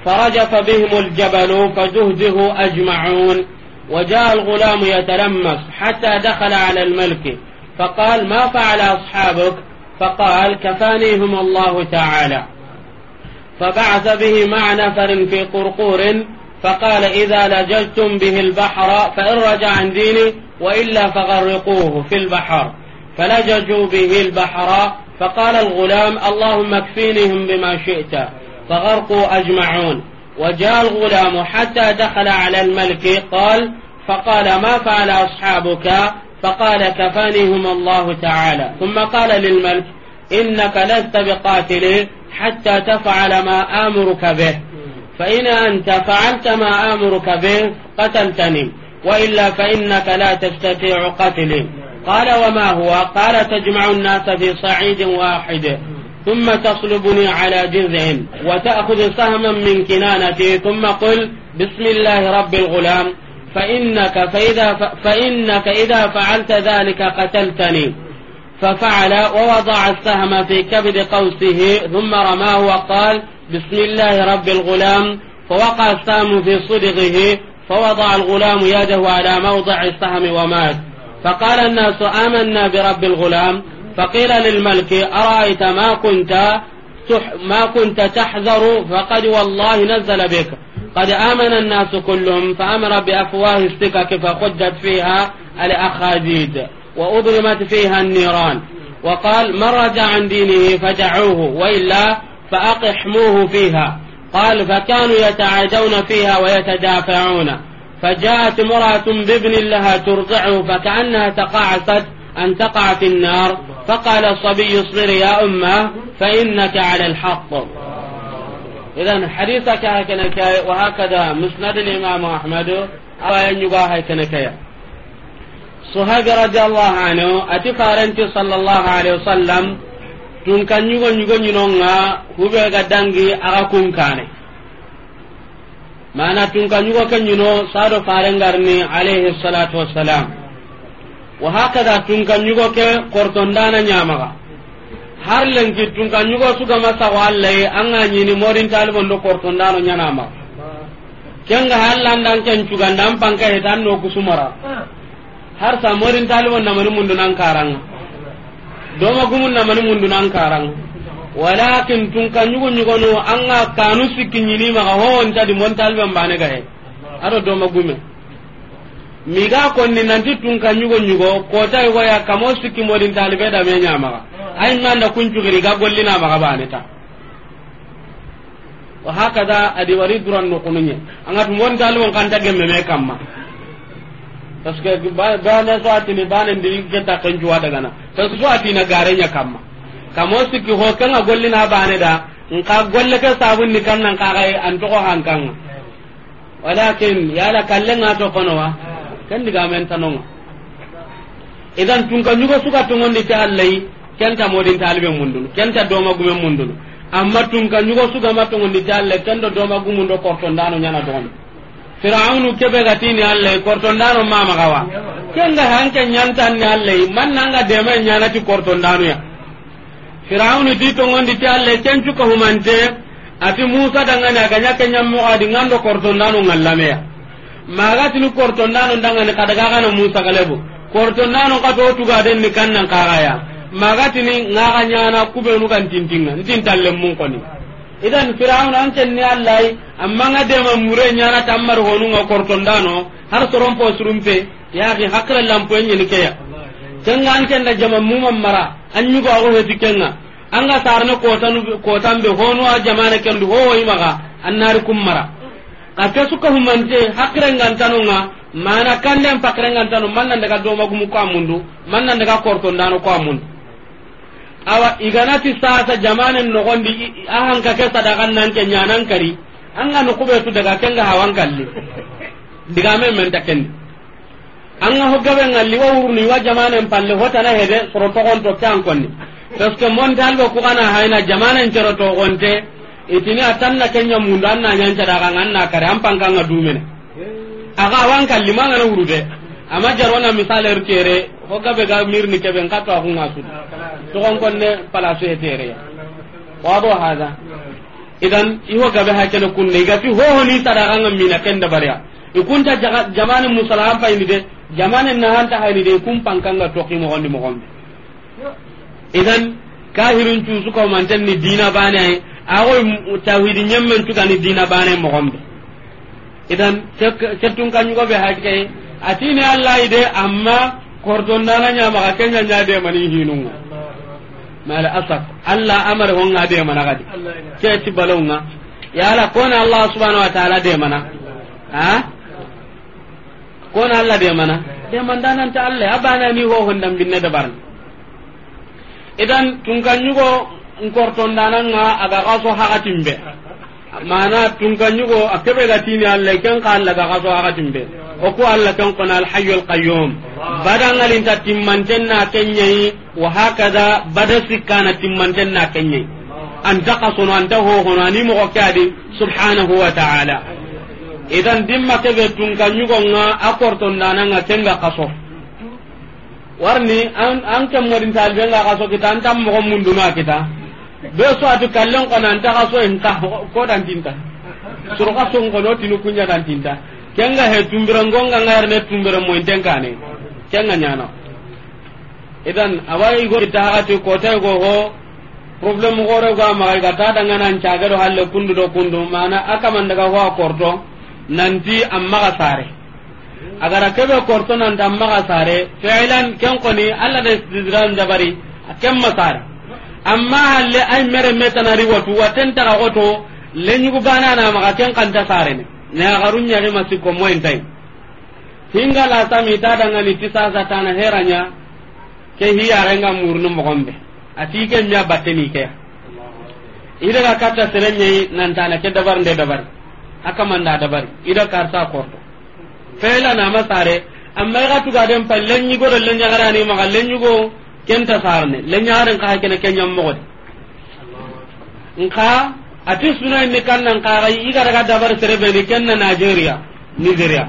فرجف بهم الجبل فجهده أجمعون وجاء الغلام يتلمس حتى دخل على الملك فقال ما فعل أصحابك فقال كفانيهم الله تعالى فبعث به مع نفر في قرقور فقال إذا لججتم به البحر فإن رجع عن ديني وإلا فغرقوه في البحر فلججوا به البحر فقال الغلام اللهم اكفينهم بما شئت فغرقوا أجمعون وجاء الغلام حتى دخل على الملك قال فقال ما فعل أصحابك فقال كفانيهما الله تعالى ثم قال للملك إنك لست بقاتل حتى تفعل ما آمرك به فإن أنت فعلت ما آمرك به قتلتني وإلا فإنك لا تستطيع قتلي قال وما هو قال تجمع الناس في صعيد واحد ثم تصلبني على جذع وتأخذ سهما من كنانتي ثم قل بسم الله رب الغلام فإنك فإذا فإنك إذا فعلت ذلك قتلتني ففعل ووضع السهم في كبد قوسه ثم رماه وقال بسم الله رب الغلام فوقع السهم في صدغه فوضع الغلام يده على موضع السهم ومات فقال الناس آمنا برب الغلام فقيل للملك أرأيت ما كنت ما كنت تحذر فقد والله نزل بك قد آمن الناس كلهم فأمر بأفواه السكك فقدت فيها الأخاديد وأضرمت فيها النيران وقال من رجع عن دينه فدعوه وإلا فأقحموه فيها قال فكانوا يتعادون فيها ويتدافعون فجاءت امرأة بابن لها ترضعه فكأنها تقاعست أن تقع في النار فقال الصبي اصبري يا أمه فإنك على الحق idan hadisa ka haka na kai wa hakada musnad al-imam ahmad awayan yuga haka na kai sahabi radiyallahu anhu ati faranti sallallahu alaihi wasallam tun kan yugo yugo nyinonga hube ga dangi aga kun kane mana tun kan yugo kan nyino sado farangarni alaihi salatu wassalam wa hakada tun kan yugo ke kortondana nyamaga har lenki tun kan nyugo suga masa wallahi an ga nyini morin talbo ndo korto ndano nyana ma kenga halan dan ken cuga ndam pangka hetan no kusumara har sa morin na namani mundu nan karang do ma gumun namani mundu nan karang walakin tun kan nyugo nyugo no an ga kanu sikki nyini ma ho on tadi mon talbo mbane ga he aro do ma gumun miga konni nanti tun ka nyugo nyugo ko igo ya kamo sikki modin talibe da me nyama ay manda kun cugiri ga ma maga bane ta wa hakada adi wari duran no kununye angat mon talibon kanta gemme me kamma parce que bana so atini bana ndiri geta kan juwa daga na parce que so atina garenya kamma kamo sikki ho kan na bane da nka golle ke sabun ni kan nan ka kai an to ko hankan walakin yala kallenga to kono wa ken diga men tanonga idan tun kan nyugo suka ta modin talibe gumen amma tun nyugo suka ma ta do nyana fir'aunu kebe hanke nyantan ni man nanga nyana ti ya fir'aunu ta humante ati musa dangane aganya kenyam adi ngando magatini korto nano dangani kadagagana musagalebo korto nano kato tuga denni kannan kagaya magatini ngaga nyana kubenu kan tintinga ntintalle mun koni idan firawna anten ni allai amma ngade ma mure nyana tammar honu ngo korto ndano har torompo surumpe yaki hakra lampo enye ni keya tenga anten da jama mumam mara anyu ko awu heti kenna anga sarna kotan kotan be honu a jama ne kendu ho wi maga annari kum mara kake suka humante hakirengantanonga mana kanden pakirengantano man nan daga domagumu ko kwa mundu man nan daga korto ko kwa mundu awa iganati sasa jamanen nogondi ahan kake sadakan nan ke nyanan kari an ga nukube su daga kenga hawan kalli diga men men takendi an ga hogabe ngalli wa ni wa jamanen palle hota na hede soro togon to kan konni parce que mon talbe ku kana hayna jamanen cero to gonte itini atanna kenya mundu anna nyanta daga anna kare ampan kanga dumene aga wan kalima ngana urude ama jarona misale rkere hoga be ga mirni ke ben katwa hunga su to kon konne pala su hetere wado hada idan iho gabe hakene kunne gati ho ho ni sadaga ngamina kenda bariya ikunta jamane musala ampa ini de jamane na hanta hayni de kum pankanga toki mo gondi mo gondi idan kahirun cusu ko manten ni dina bane agoy tawhidi ñemmen tugani dina bane gombe idan kettun kañugoɓe hakke atini allah de amma nya ñamaxa kenya mani hinu mala asaf allah amare honga demana kadi keti balonga yala kona allah subhanahu wa taala demana ha kona allah mandanan ta allah dam binne hohondambinne bar idan tunkanñugo nga aga kaso hakatimbe mana tunkanyugo akebe gatini allah ken ka allah ga kaso hakatimbe oku allah ken kona alhayyul qayyum badangalinta na kenyai wa hakada bada sikkana timmantenna kenyai anta kasono anta hohono ani mogo ke adi subhanahu wa ta'ala idan dimma kebe tunkanyugonga nga kenga kaso warni an ken modintalbenga kaso kita antan mogo munduna kita be so atu kallen ko nan ta so en ta ko dan tinta suru ka so ngono tinu kunya dan tinta kenga he tumbira ngonga ngar ne tumbira mo intenkane kenga nyana idan awai go ta atu ko ta go ho problem gore go ma ga ta danga nan caga do halle kundu do kundu mana aka man daga ho korto nanti amma ga sare agara kebe korto nan da amma ga sare fi'lan ken ko ni alla da istidran dabari kem masare amma halle ay mere metana ri watu waten taga goto lenyugo bana na maka ken kanta sarene na hinga la ta daga ni tisa za tana heranya ke hiya renga murnu ati ke nya ke ida ka kata nan ke dabar nde dabar aka manda dabar ida fela na masare amma ga tuga den pallenyi go lenya garani maka lenyu go kenta sarne lenyaren ka hakene kenyam mogodi nka ati suna ni kannan kaga ka ga dabar serebe ni kenna Nigeria Nigeria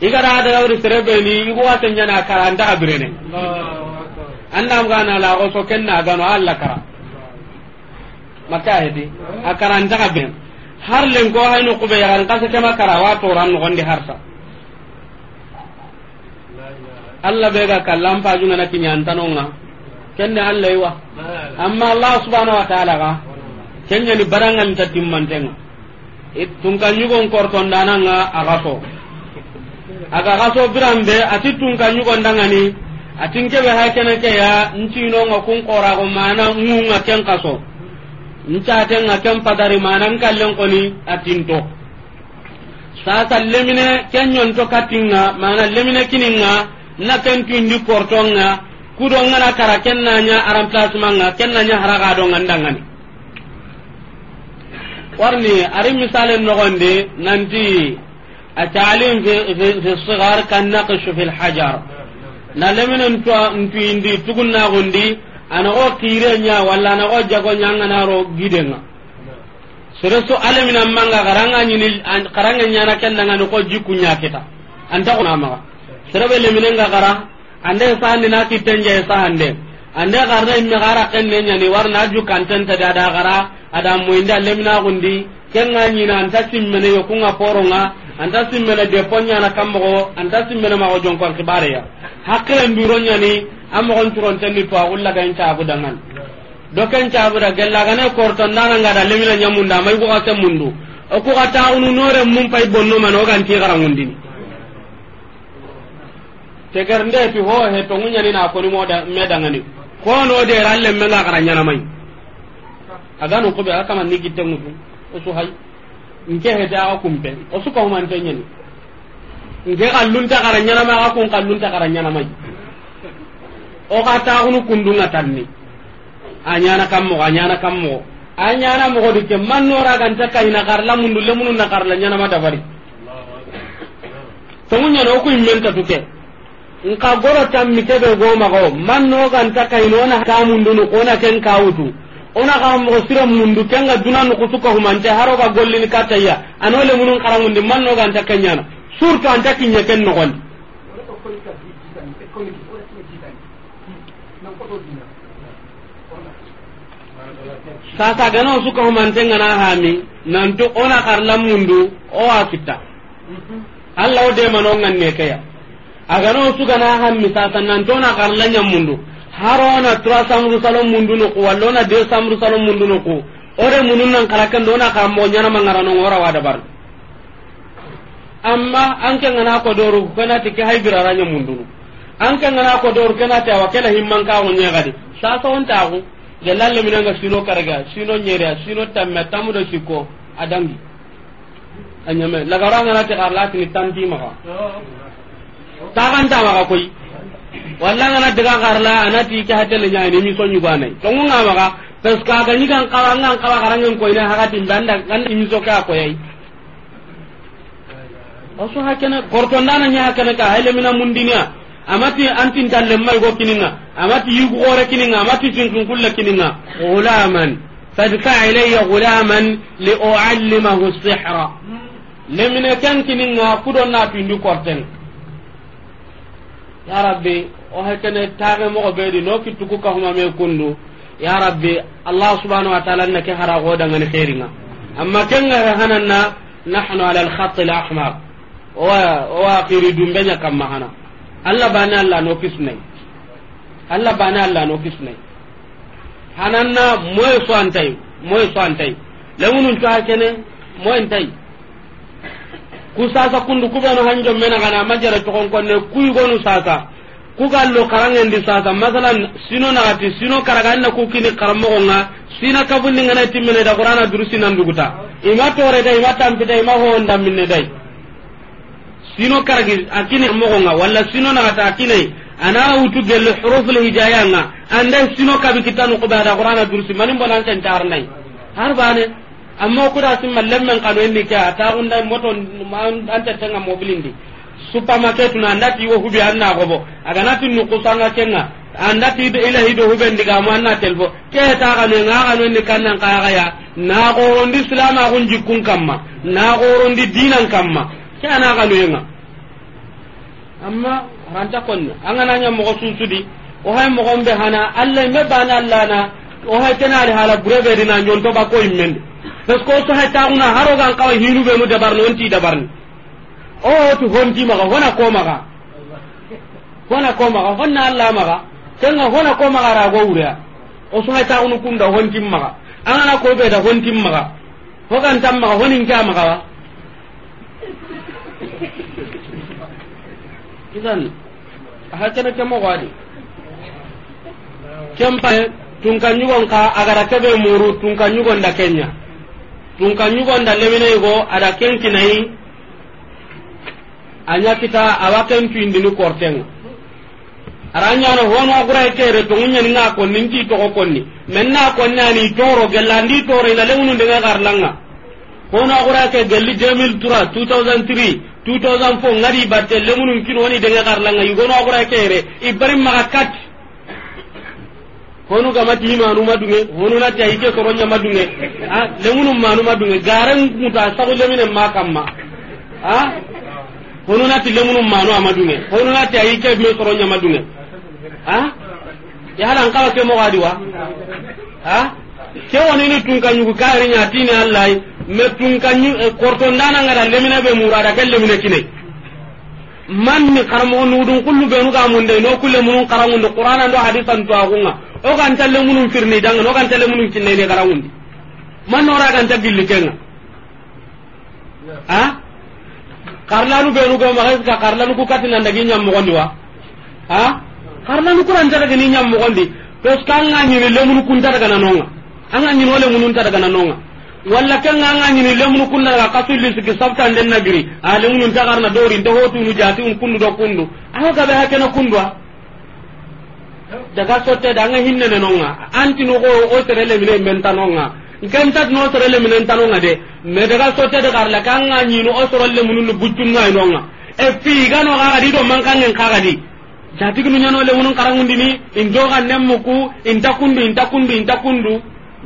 igara da dabar serebe ni igo watanya na karanda abirene annam gana la go so kenna gano alla kara makahidi hedi akaranda ben har len ko hayno kube yaran kase kema kara wa to ran gondi harsa alla be ga kallan paju ngana kinyan tanonga kenne alla yiwa amma allah subhanahu wa ta'ala ga kenya ni barangan ta timmantenga tun kan yugo korton dananga agaso aga gaso birambe ati tun kan yugo ndangani atin kebe ha kene ke ya ntino nga kun qora go mana ngunga ken kaso ncate nga ken padari mana kallen koni atinto sasa lemine kenyon to katinga mana lemine kininga na kentuindi kortonga kudongana kara kennanya aramplasemanga kennanya haragadonga ndangani warni ari misale nogondi nanti atalim fi, fi, fi sigar kannakishu fi lhajar na lemine ntuindi tugunnagundi anago kirenya walla anago jagonyanganaro gidenga sereso alemina manga karanga nyini karanga nyana kendanga no ko jikunya kita anta kuna maga serebe leminenga gara ande sahandi na kittenjae sahande ande garna imme gara kenne ñani warna ju kantentade da gara ada moyinde alleminagundi kenga nyina anta simmene yokunga poronga anta simmene depoñana kammogo anta simmene nyani jonkon kibareya hakkile nduro ñani a mogon curontenni to agullagan cagudangan do ken da gellagane kortondanangada lemina ñamunda amay kuxa ke mundu okuxa taxunu nore mum pay bonnomane gara garangundini nde fi ho he to ngunyani na ni moda medangani ko no de ralle menga garanya nyana mai aganu ko be akama ni gitte mu o su hay nke he da kumpe o su ko man nge nke ta garanya nyana ma kallun ta garanya nyana mai o ka ta kunu kundunga tanni anyana mo anyana kammo anyana mo godi dikke man no ra ganta kai na garla mundu le munu na garla nyana ma bari to no ko imenta tuke nka goro tammi keɓe gomaxo man noganta kayni ona ta mundunu ona ken kawutu ona xa moxo sira mundu kenga duna nuxutu kahumante haroga gollini kattaya anole munun xarangundi man noganta keñana surtout anta kiñe ken noxondi sasa gana suka humante ngana hami nantu ona karla mundu o akitta mhm. allah o de manon nganne kaya agano sugana nan sasannantona karlanya mundu harona trois samru salon mundu ko wallona de samru salon mundu ko ore munun nan karakendo ona kammo nyana mangarano ora wada bar amma anke ngana ko doru kana tike haibira ranya mundu anke ngana ko doru kana ta wakela himman ka wonya gadi sasa on ta ko gelalle minanga sino karga sino nyere sino tamme do siko adangi anyame lagara ngana te karlati ni tanti maka oh. taxan waga koy walla ngana diga karla anati ke nya ni mi soñu banay waga maxa parce que ni kan kala ngan xawa xarangen koyne haxatimbe anda anda émission ke a koyay oso hakene kortondana nya hakene ka mina mundinia amati antin tallemmay go kininga amati yugo gore kininga amati sinkun kulle kininga ulaman fadfa ilayya gulaman li uallimahu sihra lemine ken kininga kudon na tuindi korten ya rabbi o hekene taxe moxo ɓeedi no ki tuku kittuku me kundu ya rabbi allah subhanau wa taala na ke hara godangani xeringa amma kengaxe hananna nahnu ala alhati lahmar owa owa xiri dumbeña kamma xana allah bane allah no kisne allah bane allah no kisnay hananna moye so antay moye so antay lemunun coxa kene moyen tay ku sasa kundu kubenu hanjo mena gana majara tokon konne kuy gonu sasa ku gallo karangen di sasa masalan sino nagati sino karaganna ku kini karamogo nga sina kabunni ngana timmene da qur'ana durusi nan duguta ima tore dai ima tampi dai ima honda minne dai sino karagi akini mogo nga walla sino nagata akini ana wutu gelle huruful hijaya nga anda sino kabi kitanu qur'ana durusi manin bonan tan tarnai har bane amma kuda simma lemmen kano enni ke ata gunda moto an ta anta tenga mobilindi supermarket na andati wo hubi anna gobo aga nati nu kusanga kenga andati ila hido hube ndiga mo anna telbo ke ta kano nga kano enni kannan ka ya na goro ndi islama gun jikkun kamma na goro ndi dinan kamma ke ana kano nga. amma ranta konna angana nya mo susudi o hay mo gombe hana allah me bana allah na o hay tenali hala burebe dina nyon to ba ko immende parce que so hatta kuna haro gan kawai hinu be mu dabar non ti dabar ni o tu honti maga hona ko maga hona ko maga honna Allah maga tanga hona ko maga ra go wure o so hatta kunu kun da honti maga ana ko be da honti maga ho kan tam maga honin ka maga wa idan hakana kemo wadi kempa tun kan yugon ka agara kebe muru tun kan yugon da kenya tun kan yugo nda lemine go ada kenki na nayi anya kita awa kenki indini kortenga aranyano hono agura kere to munya ninga ko ninti to ko konni menna konni ani toro gelandi toro ina lewnu ndinga garlanga hono gura ke gelli 2003 2003 2004 ngari batte lewnu kino ni denga garlanga yugo no agura kere ibarim maka kat honu ga mati imanu madunge honu na ta ike soronya madunge a lengunum manu madunge garan muta sago jamine makamma a honu na ti lengunum manu amadunge honu na ta ike me soronya madunge a ya halan kala ke mo wadi wa a ke woni ni tun kan yugo kari nya tini allah me tun kan yu e, korto ndana ngara lemina be murada kelle mine kine man ni karmo nudun kullu be nu ga mun de no kullu mun karamun qur'ana ndo hadisan to agunga o kan talle munun firni dangan o kan talle munun cinne ne garangundi man nora ragan ta billi kenga ha be nu go ma ka nu ku katina ndagi nyam mo gondi wa ha nu ku ran daga ni nyam mo gondi pes kanga ni le munu kun ta daga nanonga anga ni wala munun ta daga nanonga walla kanga anga ni le munu kun daga kasulli siki sabta nden nagiri ale munun ta garna dori ndo hotu nu jati un kunu do kundu aho ga ba hakena kundu wa daga sotte da nga hinne ne nonga anti no ko o tere le mine men tanonga ganta no tere le mine tanonga de me daga sotte da garla kanga ni no o tere le munun buccun ngai e nonga e fi ga no ga di do man kangen ka ga di jati kunu nyano le munun karangundi ni indo ga nemmuku intakundu intakundu intakundu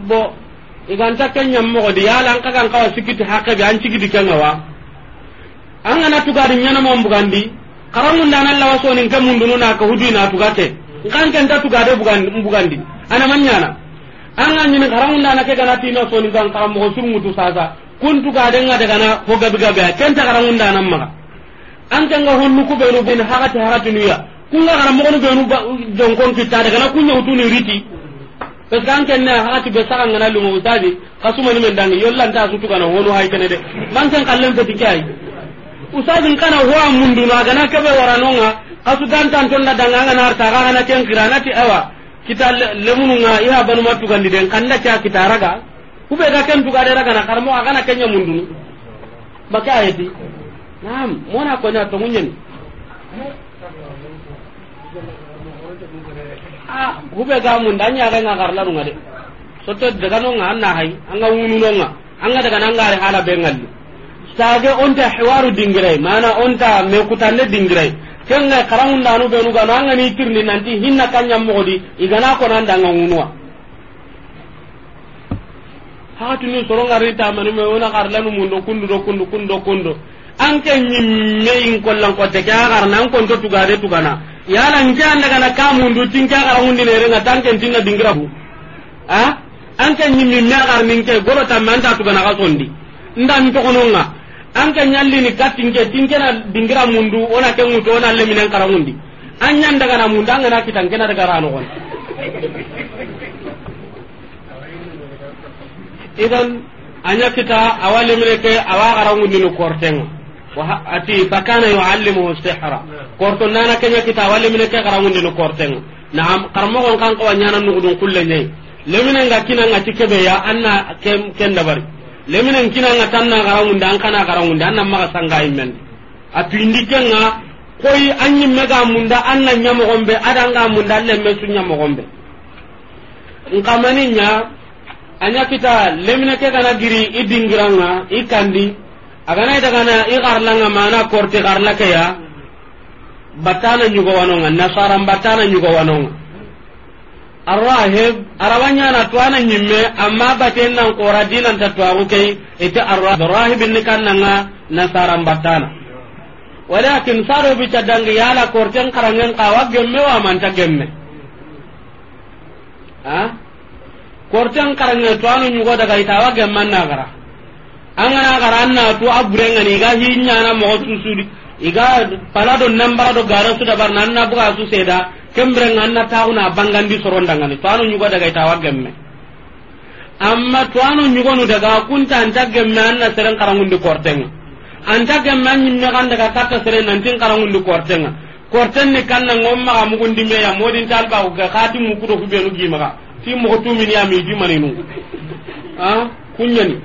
bo iganta kenya mo di yala an kagan kawa sikiti hakka bi an cikiti kenga wa an ga tugari nyana mo mbugandi karangun dan Allah waso nin kamundu na ka hudu na tugate kan kan ta tuga de bugandi di ana manyana an ga nyini garamun da ke gana tino so ni kan kam mo surmu mutu sasa kun tuga de nga daga gana ho gabi gabi kan ta garamun da nan ma an kan ga honnu ku be no bin hakati hakati nuya kun ga garamu ko be no don kon ti ta daga na kun yo tuni riti parce que an ken na hakati be sa ngana lumo usadi kasuma ni men dangi yollan ta su tuga na wono hay kene de man kan kallen be tikai usadin kana huwa mundu na gana kebe waranonga kasu dantan tonda danganga na arta ga na ken kirana ti awa kita lemunu nga ina banu matu kan diden kanda kya kita raga kube ga ken tuga raga na karmo aga na kenya mundunu baka ayati nam mona ko nya to munyen a ah, kube ga mun danya ga na karla nu ngade soto daga no nga anna hay anga wunu no nga anga daga nanga re hala bengal sage onta hiwaru dingrai mana onta me kutande dingrai kenga karangunda anu benu ga nan ngani tirni nanti hinna kanya mogodi igana ko nan danga ngunwa hatu ni soronga rita manu me wona karlanu mundo kundu do kundu kundu kundu anke nyimme in kollan ko te ga gar nan kon to tugare tugana yala nja anda kana kamundu tinka karangundi ne renga tanke tinna dingrabu ha anke nyimme me gar ninke goro tamanta tugana ka sondi ndan to nga. an ka nyalli ni ka ke tinke na dingira mundu ona ke mundu ona le minan karamundi an nyan daga na mundu an na kitan kena daga rano kon idan anya kita awale mire ke awa mundi no wa ati bakana yuallimu sihra korto nana kenya kita awale mire ke mundi no kortengo na'am karmo kon kan ko nyana dun kullenye lemine ngakina ngati kebe ya anna kem ken dabari leminen nga tanna garangunde an kana garangunde an nan maga sangayimmende a nga koyi an ñimme ga munda an na ñamogonɓe adanga munda an lemme su ñamogonɓe nkamani ña a ñakita lemine ke kana giri i dingiranga i kandi agana dagana i nga mana korti garlakeya battana ñugowanonga nasaran battana ñugowanonga arrahib arabanya na tuana nyimme amma baten nan qora dinan ta tuaru kai ita arrahib ni kannanga nasaran batana walakin saru bi tadang yala korten karangen kawa gemme wa manta gemme ha korten karangen tuana nyugo daga wa gemma na gara angana gara na tu abrenga ni ga hinya na mo susudi iga palado nambara do gara su dabar nan na buga su seda na anna taxuna bangandi sorondangani to anu nyugo daga itawa gemme amma to nyugo nu daga kunta anta gemme anna seren xarangundi kortenga anta gemme an ñimme kan daga katta seren nantin xarangundi kortenga korten ni kan kanna ngom maxa mugundi meya modin talbaxu ga xati mukudo fu gima gimaxa ti moxo tumini ami dimaninu a kuñani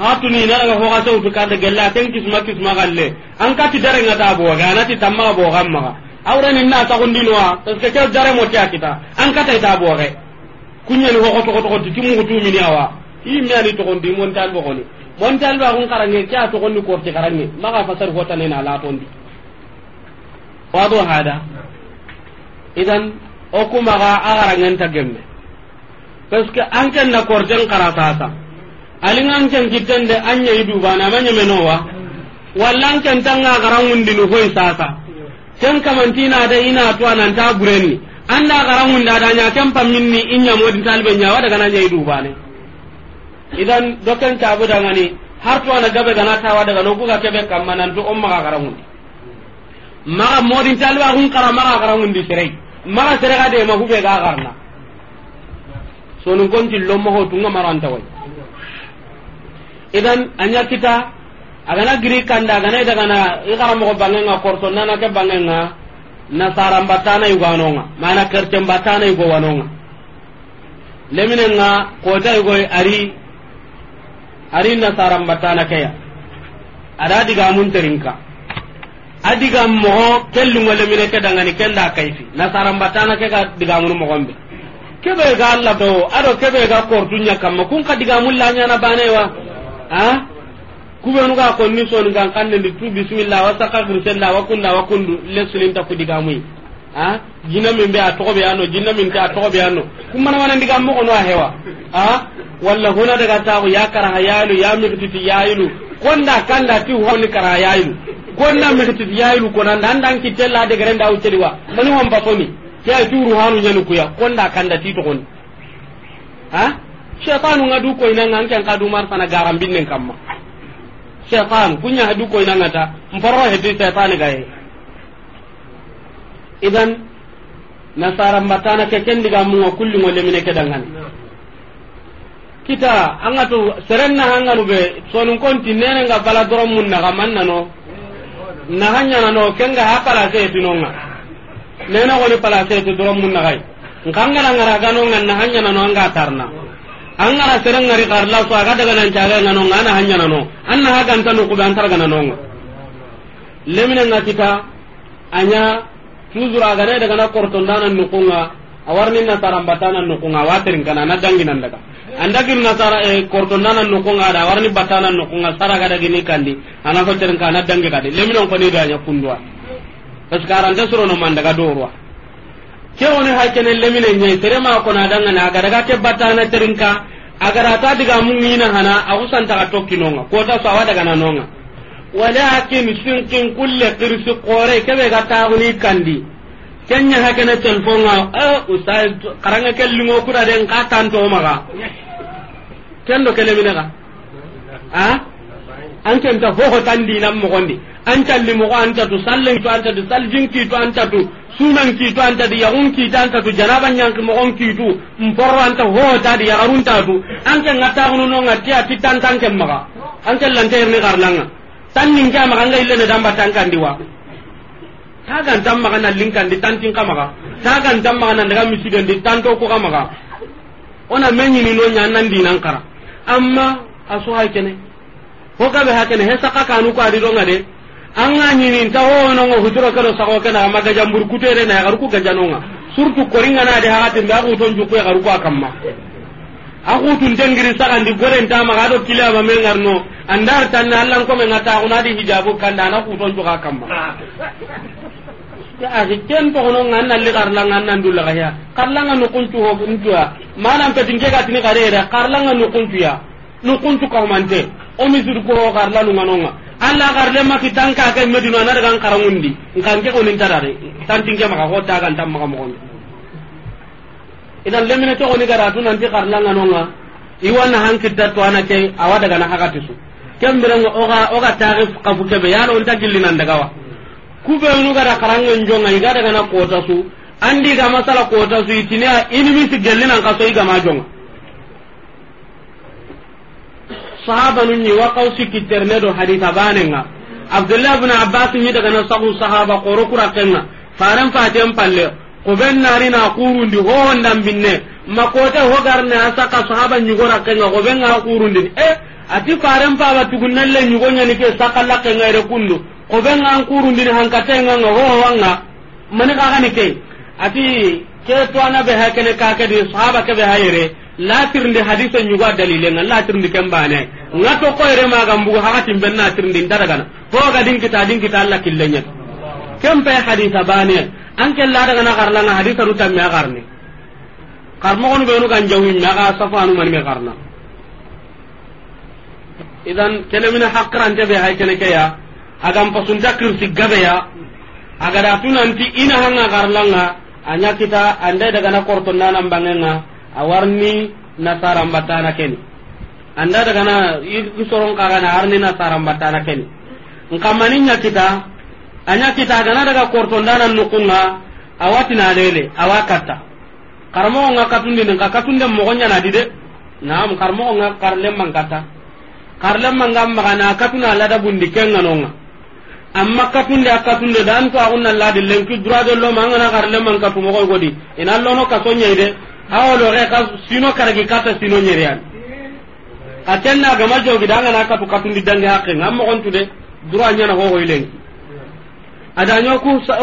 hatuni naraga hoxa sewtu kata gelle a ten kisma kisma xalle an kati darengata boga anati tammaxa boxan maxa awra ni na ta gondi no parce que ke jare e mo tiya kita an ka ta bo re kunye ni hoko to to ti mu tu ni awa i me ani to gondi mon tan bo goni mon tan ba gon karange kya to gondi ko ti karange maka fasar hota ne na la to ndi wado hada idan o kuma ga agarangen ta gemme parce que an ken na korjen karatata alin an ken kitten de an yayi e duba na manya menowa wallan ken tanga garangun dinu e hoy sasa ken kamantina da ina to anan ta da anda garangun da danya ken in ya modin talibin nya wada gana duba ne. idan dokan ta abu ngani har to ana gabe gana ta wada gana ku ga kebe kamanan to umma ga garangun maga modi talbe hun kara maga garangun di sirai ma sirai ga de ma hube ga garna sonun gonti lomo ho tunga maranta wai idan anya kita agana giri kanda agana dagana igara mo bangenga korto nana ke bangenga nasara mbatana yuganonga mana kerte mbatana yugo wanonga lemine nga kota yugo ari ari nasara mbatana kaya ada diga mun terinka adiga mo kellu wala mine ke dangani kenda kaifi nasara mbatana ke ga diga mun mo gombe kebe ga Allah do ado kebe ga kortunya kam kun ka diga mun lanya na wa. ha kubenu ga ko ni soni kan kan ni tu bismillah wa sakakru sella wa kunna wa kundu leslin ta kudi gamui ha jinna min be atogo be ano jinna min ta atogo be ano kuma na wana ndiga mo ono hewa ha walla hona daga ta ya kara hayalu ya mikiti yailu konda kanda ti honi kara hayalu konna mikiti yailu konan nan dan tella de da o teliwa mani won pasomi ya turu hanu nyanu kuya konda kanda ti to kon ha shaytanu ngadu ko ina ngan kan kadu mar sana garambin nen kamma shaytan kunya hadu ko ga mu kulli ngole mine ke dangan kita angatu na gamanna no na na an gara sereng ngari karla so aga daga nan nan on ana hanya nano anna ha ganta no kuban targa nano lemine ngatika anya tuzura ga ne daga na korton dana nukunga awarni na tarambatana nukunga watirin kana na nan daga andagir na tara e korton dana nukunga da awarni batana nukunga saraga daga ni kandi ana ko terin kana dangi kadi lemine ko ne da nya kundwa tas karanta suro no mandaga dorwa ke woni hakkene lemine ñayi terema kona dangana aga daga ke battana terinka agara ta diga mungina hana axusantaxa tokkinonga kota so awa dagana nonga walakin sinkin kulle kirsi kore kebe ga taxuni kandi kenya hakene telefonga e eh, usai karanga kellingo kura den ka tantomaxa ken do kelemine xa a an kenta hohotan dinan mogondi an calli mogo antatu sallen kitu antatu saljin kitu antatu sunan an kitu antatu yagun kitu antatu janaban yanki mogon kitu mporro anta hohotadi yagaruntatu an ta ke ngattagununonga ti tan tan ken maga an lan ke lanteerni garlanga tan nin ninke a maga nga illene damba tankandiwa tagan tan maga na linkandi tantin kamaga tagan tan maga na daga misigendi tanto ko kamaga ona menyini no nyannan dinan kara amma aso hay kene ko ka be hakene he saka kanu ko adi donga de an anga nyini ta ho no ngo huturo kado sako kana maga jambur kutere na garu ku gajanonga surtu koringa na de hakati mba ko ton juko garu ko kamma aku tun tengiri sakandi goren tama gado kila ba men garno andar tan na Allah ko men ngata ko di hijabu kanda na ku ton juka kamma ya ahi ken to no ngan na ligar la ngan nan dul ga ya karlanga no kuntu ho kuntu ya manam pe tinge ga tini gare ra karlanga no kuntu ya no kuntu ko mante o la kuro garla Allah alla ma maki danka ke medina na daga karangundi nkan ke onin tarare tantin ke maka ko kan tam maka mogon idan lemine to oni garatu nan ti garla nganonga han hankita to ana ke daga na hakati su kembere ngo oga oga be ya kebe yalo gilli nan daga wa Ku be onu gara karangen jonga iga daga na kota su andi ga masala kota su itine inimisi so kaso iga ma jonga sahaba nun ni wa qawsi kiterne do haditha banenga abdullah ibn abbas ni daga na sahu sahaba qoro kura kenna faran fatem palle ko ben nari na di ho wondam binne makota ho garne asaka sahaba ni gora kenna ko ben na di e ati faran fa ba tugunnalle ni gonya ni ke sakalla kenna re kundu ko ben na di han katenga ho wanga mani ka ni ke ati ke to ana be hakene ka ke di sahaba ke be hayre latirndi hadise ñugo dalilenga latirndi ken bane nga to koyre maga mbugu hakatin ben natirndi ntadagana kita dinkita dinkita alla killeñen ken pe hadisa bane anke ladagana garlanga hadisa du tamme a garni karmogonu ɓenu gan jawimme aga safanumanime garna idan kene mina hakkiranteɓe hay kene keya agan pasunta kirsi gabeya agada tunanti ina hanga garlanga anya kita andai dagana kortonnanambangenga a awarni nasara mbatana keni anda daga na isoron kaga na arni nasara mbatana keni nkamani nya kita anya kita gana daga kortondana nukunga wati na lele a awakata karmo nga katundi nga katunde mogonya na dide naam karmo nga karle mangkata karle mangam magana katuna lada bundi kenga nonga amma katunde akatunde dan ko agunna ladi lenki dura de lo mangana karle mangkatu mogoy godi ina lono kasonya ide hawaloxe ka sino karagi kata sino ñerian a kenna gama jogi dangana katu katundi dange hakken an moxontude droit ñana xoxoy lengki adaño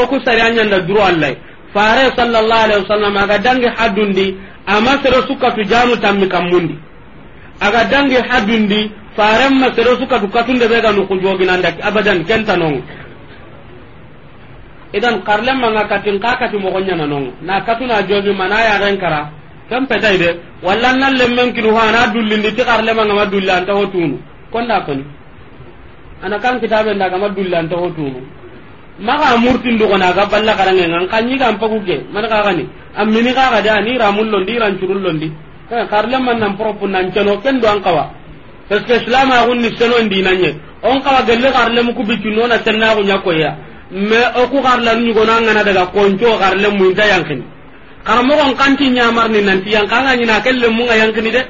oku sari a ñanda droit allay fare sallallah alayhi wa sallam aga dange haddundi ama sere sukkatu janu tammi kam mundi aga dange haddundi farenma sere sukkatu katunde ɓega nuku joginandaki abadan kentanongu idan karle manga katin ka kati mo gonya non na katuna jobi mana ya ran kara kan petai de wallan nan lemmen kinu ha na dullin di karle manga ma dullan ta hotunu konda kon ana kan kitabe ndaga ma dullan ta hotunu maka murtin do kona ga balla karange ngan kan yi am pagu ge man ka gani am mini ka ga da ni ramul di ran curul di. kan karle man nan propu nan cano ken do an kawa parce que islam a gunni seno ndinanye on kawa gelle karle mu kubi kinona tanna nyako ya me oku garlan ñugona ngana daga konco garlen muinta yankini karamogon kanti ñamarni nanti yanka anga ñina ken lemmunga yankini de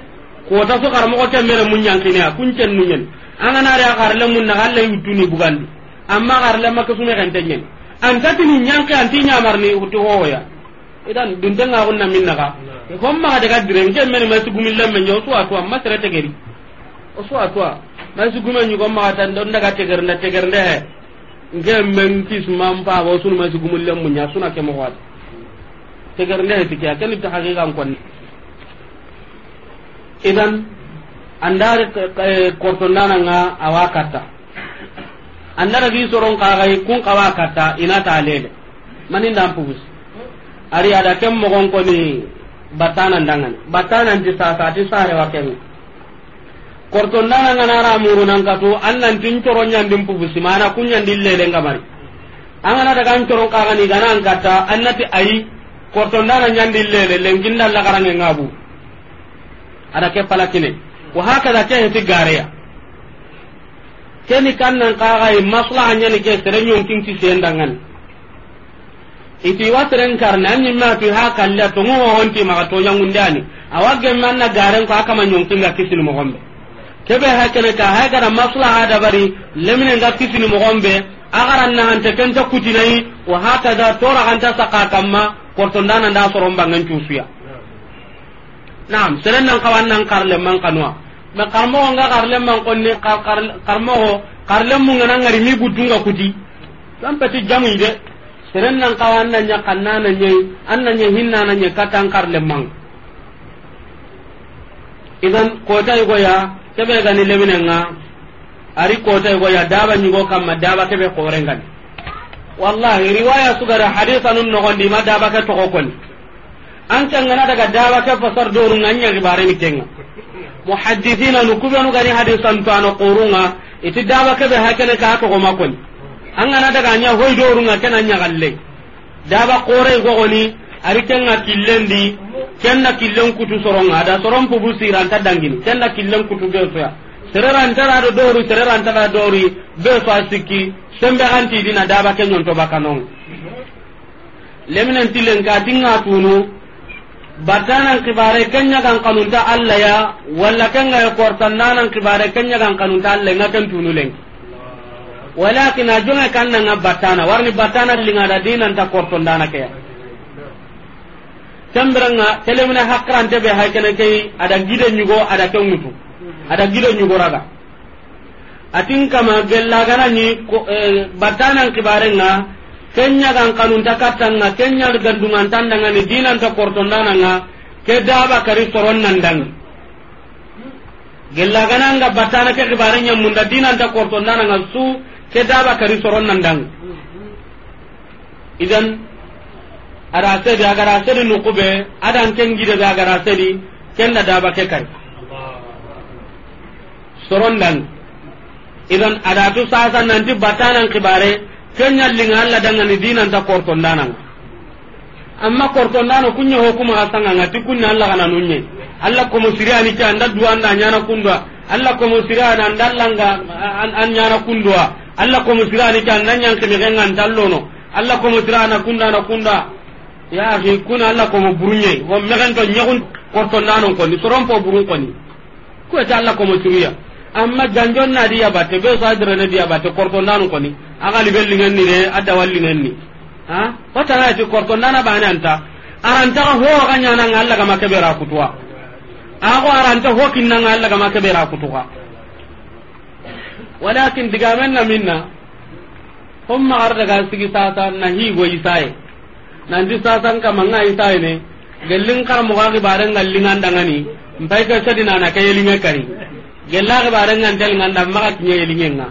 kota so karamogo kemmere mun yankini a kuncen nuñen anganari a garlen mu naga alla yuttuni bugandi amma garlen ma kesume xente ñen antatini ñanke anti ñamarni ti hohoya idan duntenga gunna min naga hom maga daga dire kemmeni masugumi lemmenñe o suwa tuwa ma sere tegeri o suwa tuwa masugumi ñugo maga tan don daga tegerna tegernde he nge men pa paabo sunu ma sigumulle nya suna ke mo wat gar ne tike akani ta haqiqa an kon idan andare nana nga awakata andara bi soron kagai kun wakata ina ta lele manin dan pugus ari ada kem mo gon ko ni batana ndangan batana ndi sa sa ti sare wa kemi korto nana ngana ra muru nan to annan tin toro nyandin pubu simana kunyan dille den gamari angana daga an toro ka gani gana an kata annati ayi korto nana dille lele lengin dal la garange ngabu ada ke palakine wa hakada ke ti gareya keni ka kaxaye maslaha ñani ke sere ti sendangan iti wa seren karne a ñimme atu ha kalle a tongu hohonti maxa toñangunde ani awa gemme an na garen ko a kama ñonkinga kisil moxonɓe kebe hakene ka hagara maslaha dabari lemine nga kisini mogombe agara nahante kenta kutinayi wa da tora hanta saka kamma ndana nda ngan tusuya naam seren nan kawan nan karle man kanwa ma karmogo nga karle man konni ho karle mu ngana ngari mi budunga kuti dan peti jamu de seren nan kawan nan nya kannana nyi hinna nan nyi katan karle man idan ko go ya. kebe gani leminenga ari kota goya daba ñigo kamma daba keɓe korengani wallahi riwaya sugara hadisa nun nogondi ma daba ke togo koni an na daga daba ke fasar dorunga an ñagibareni kenga muhaddithina nu kuɓenu gani hadisantu ano nga iti daba keɓe ha kene ka ma koni an na daga ña hoy dorunga kena ñagalle daba korey gogoni ari kenga killendi kenna killen kutu soronga ada soron pubu dangin dangini kenna killen kutu gesoya sererantara do dori sererantara dori be fa sembe anti dina daba ke to bakanong leminen tilen ka tinga tunu batanan kibare kenya kan kanunta alla ya walla kanga ya kortan nanan kibare kenya kan kanunta alla nga kan tunu len walakin ajunga kanna nga batana warni batana linga da dinan ta korton dana ke telemna hakran te be hakene kay ada gide nyugo ada kengutu ada gide nyugo raga atin kama gella gana ni ke kibarenga kenya gan kanun takatanga kenya gandungan tandanga ni dinan ta kortondana nga ke daba kari soron nandang gella gana nga batana ke kibarenya munda dinan ta kortondana nga su ke daba kari soron nandang idan ada sedi agara sedi nukube adan ken gide da agara sedi ken da ba ke kai dan idan adatu sasa di batanan kibare ken linga alla ni dinan ta kortondanan amma kortondano kunyo hokuma kasanga ngati kunna alla kana nunye alla ko musiri ani ta anda duwa anda nyana kundwa alla ko musiri ani anda langa an nyana kundwa alla ko musiri ani ta anda nyanke mi ngan ndallono alla ko musiri ani kunda na kunda ya fi kuna alla ko mo burunye wo megen to nyagun korto nanon ko ni soron po burun ko ni ko ta alla ko mo turiya amma janjon na diya batte be sadre na diya batte korto nanon ko ni aga libel lingen ni de adda wallingen ni ha wata na ti korto nana bana anta aranta ho ga nyana ngalla ga makabera kutwa ago aranta ho kinna ngalla ga makabera kutwa walakin digamenna minna homma arda ga sigi sata na hi go isaye nanti sasan kama nga isa ini gelling kar mo ga bare ngalingan dangani mpai ka sadi nana ka yelinge kari gella ga bare ngan tel ngan maka ma yelinge nga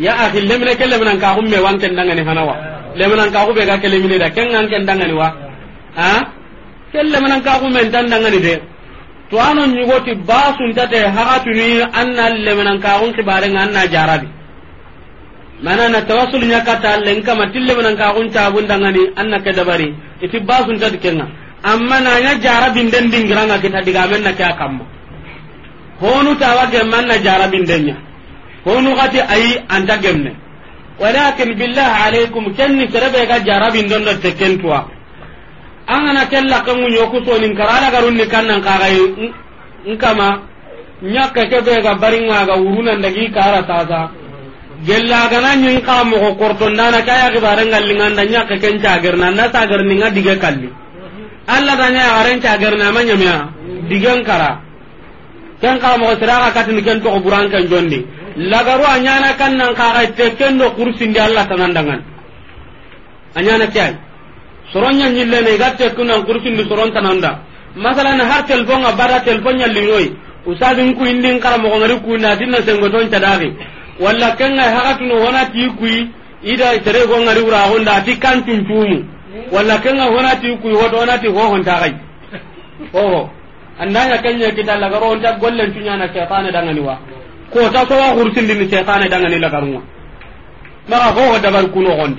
ya akhi lemne ke lemne nka humme wan ken dangani hanawa lemnan ka hube ga kelle mine da ken ngan ken dangani wa ha kelle menan ka humme dan dangani de to anon nyugoti basun tate hakatuni anna lemne nka hun kibare ngan jarabi manana tawassul ñakata matille kama ka menan kaxun cabundangani anna ke dabari iti basuntati kenga amma na jara binden jarabinden dingiranga kita digamen na ka a kamma honu tawa gemme jara bindenya honu kati ayi anta gemme walakin billah alaikum kenni sereɓega jarabinden do tekkentuwa angana nin karala garun ni kannan kaxayi nkama wuruna keɓega ka wurunandagi kara tasa gella gana nyin ka mo ko korton dana kaya ke baran gallingan danya ka ken cagar na ta sagar ninga diga kalli alla danya aran cagar na manya miya digan kara kan ka mo sira ka katin gen to buran kan jondi lagaru anyana kan nan ka ga te ken do kursi ndi alla tanandangan anyana kyai soronya nyille ne gatte kunan kursi ndi soron tananda masalan har telefon ga bara telefon nyallinoi usadin ku indin kara mo ngari ku na dinna sengoton cadari walla kenga hakatuno wana kui ida sere go ngari wura honda ti kantun tumu walla kenga wonati kui hoto ti ho honta kai oho andanya kenya kita la garo onta gollen tunya na shaytan dangani wa ko ta so wa hursin din shaytan dangani la garunwa mara ho ho dabar kuno hon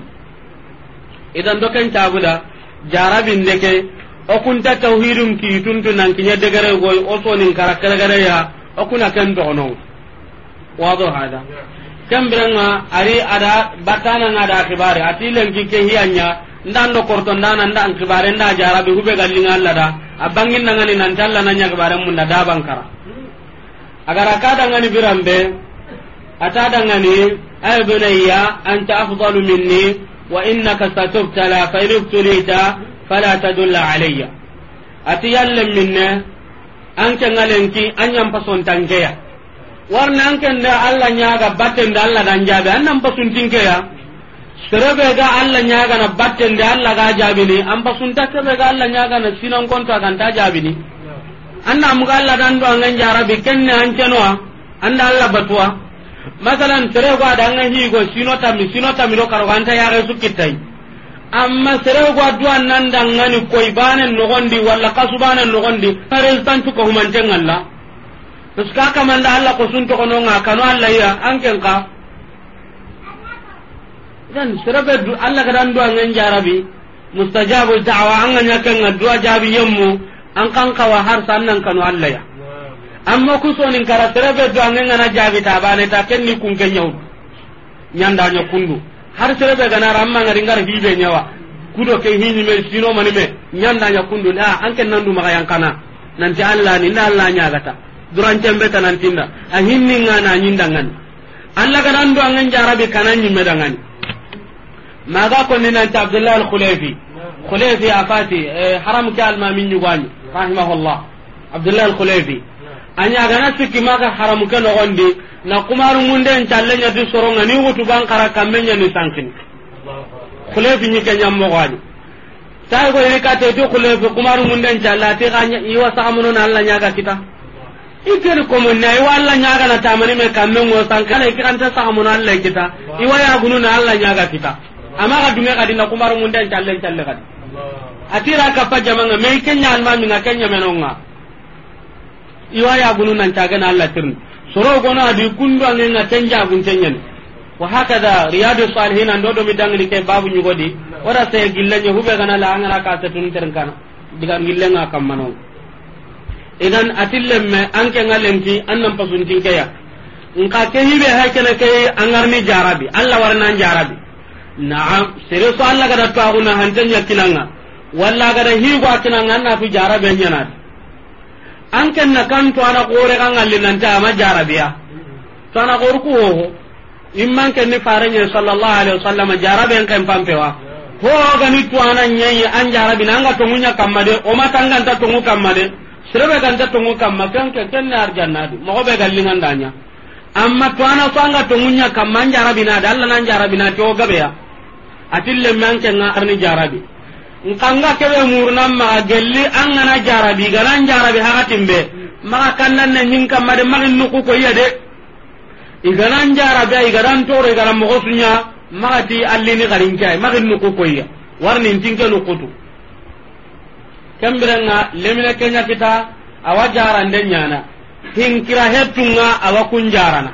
idan do kan tabula jarabin deke o kunta tauhidum ki nan kinya degare goy o nin karakara gare ya o kuna kan no wado hada kembrenga ari ada batana nga da kibare ati lengi ke hianya ndan korto ndana ndan kibare nda jarabi hube gallinga alla da abangin nga ni nanya kibare mun da agar birambe ay bunayya anta afdalu minni wa innaka satubtala fa ibtulita fala tadulla alayya ati ngalenki warnan kende allah ñaga da allah dan jaabi an nan basuntinke ya serebe ga allah ñagana da allah ga jaabini an basunta sebe ga allah kan ta aganta jaabini anna muga allah dan do angen jarabi kenne an an da allah batuwa masalan da go ada angen mi sinotami sinotami do karogo ya yaxe sukkittay amma serebe go adu an nan dangani koy banen nogondi walla kasu banen nogondi resultancuka Allah to ska kamanda Allah ko sun to kono nga kanu Allah ya an ken ka dan sirabe du Allah kadan do angen jarabi mustajabu da'wa an ganya kan dua jabi yemmu an kan ka wa har sannan kanu Allah ya amma ku so nin kara sirabe du angen na jabi ta bane ta ken ni kun kenyau nyanda nya kundu har sirabe gana ramma ngari ngar hibe nyawa kudo ke hini me sino mani me nyanda nya kundu da an ken nandu maka yankana nanti Allah ni na Allah nya gata durantembe tanantinda a hinninga na ñindangani allah ganan do angen jarabi kana ñimme dangani maga konni nanti abdullah alkhulefi khulefi afati eh, haram ke almami ñugani rahimahullah abdullah alkhulefi añagana sikki maga haram ke nogondi na kumaru munden calle ñati soronga ni wutu ban kara kamme ñani sankini khulefi ñike ñammogoani tay ko iri kate ti khulefi kumaru munden calle ati iwa sagamunon allah ñaga kita ikeri komonna iwa alla ñagana tamani me kamme ngo sankana ikiranta sagamono alla kita iwa yagununa alla ñaga kita ama ga dunge kadi na kumaro munden callen calle kadi atira jama jamanga me kenya alma mi nga kenya menonga iwa yagununa na alla tirni soro gono adi kundu ange nga kenja gun tenyen wa hakada riyadu salihin an dodo mi dangni ke babu nyugodi ora sey gillanye hube na la angara ka setun kana diga kam kammano idan atillemme anke ngalenki annan pasuntin keya nka ke hibe ha kene ke angarni jarabi alla warna jarabi na'am sere so alla gada tauna hantanya kinanga walla hi higo kinanga na fi jarabi nyana an na kan to ana gore kan ngalle nan ta ma jarabiya to ana gor ku ho imman ken ni faranya sallallahu alaihi wasallam jarabi an kan pampewa ho ga ni to ana nyenye an jarabi nanga to munya kamade o ma tanga ta to mu kamade kan ganta tongu kamma kenke kenne arjannadi mogoɓe danya amma to ana so anga tongunya kamma an da allah nan gabe ya atille man an na arni jarabi nkanga keɓe murna ma gelli an gana jarabi ganan jarabi hakatimɓe maga kannanne hin kamma de magin nuku koyiya de iganan jarabi a iganan toro igana ma suya magati allini garinke ay magin nuku koyiya warnintinke nukutu kembirenga lemine kenya kita awa jarande nyana hinkira hetunga awa kunjarana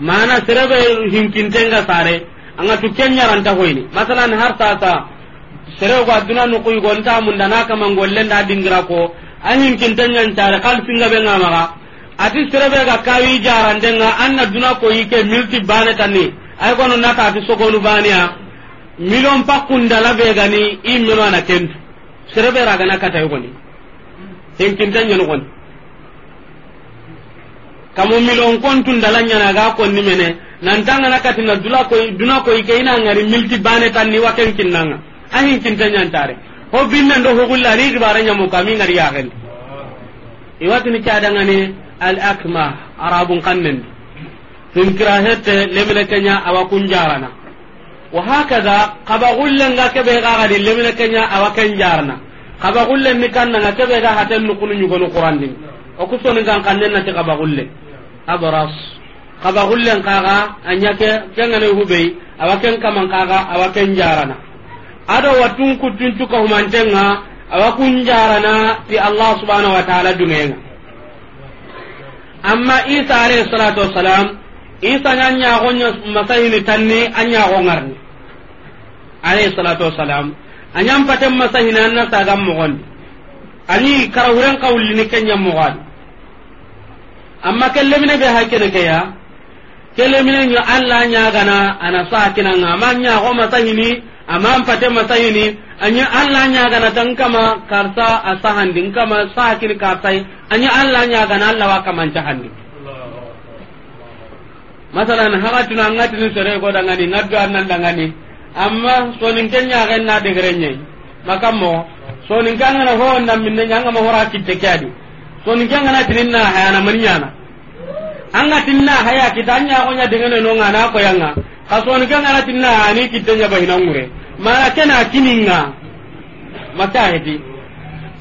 mana serebe hinkintenga sare anga tu kenyaranta hoyni masalan har sasa serebe ko aduna nukuy gonta mundana kama ngollenda dingira ko a hinkintenya ncare kalfinga be ngamaga ati serebe ga kawi jarandenga anna duna ko yike milti bane tanni ay kono nata ati sogonu baniya milon pakkundala be gani i mino ana kentu serebe na kata yogoni henkinta ñanogoni kamu milon na dala kon ni mene kata na dula ko duna ko ke ina ngari milti bane tan ni waken kinnanga a hinkinta tare ho binne ndo hogulla ni gibara ñamu kami ngari ni iwatini cadangani al akma arabun kannen finkira kirahete lemine kenya awakun jarana wa hakaza kaba gullen ga kebe ga ga dille mena kenya awakan jarna kaba gullen ni kan na kebe ga hatan nu kunu nyugo qur'an din o ku sonu gan kan nan ta kaba gulle abras kaba gullen ka ga anya ke jangane hubei awakan kaman ka ga awakan jarana ado watun kutun tu ko mantenga awakun jarana ti allah subhanahu wa ta'ala dungenga amma isa alayhi salatu wassalam isa nya ko nya ni tanni ko ngarni alayhi salatu wassalam anya patem masahina ta gam mogon ani karawuren kawli ni kenya mogon amma mine be ne ke ya mine nya alla nya gana ana sakina ngama nyago masahini amma pate ni anya alla nya gana tan kama asahan din kama sakini karsai anya alla nya gana alla wa kama jahannam masalan hakatuna angatini sere ko dangani ngaddu annan dangani amma sonin kenya ga na de grenye maka mo sonin kanga na ho na minne nyanga mo hora kitte kyadi sonin kanga na tinna hayana maninya na an anga na haya kitanya ko nya dengene no ngana ko yanga ka sonin kanga na tinna ani kitte nya bahina ngure mara kena kininga maka hedi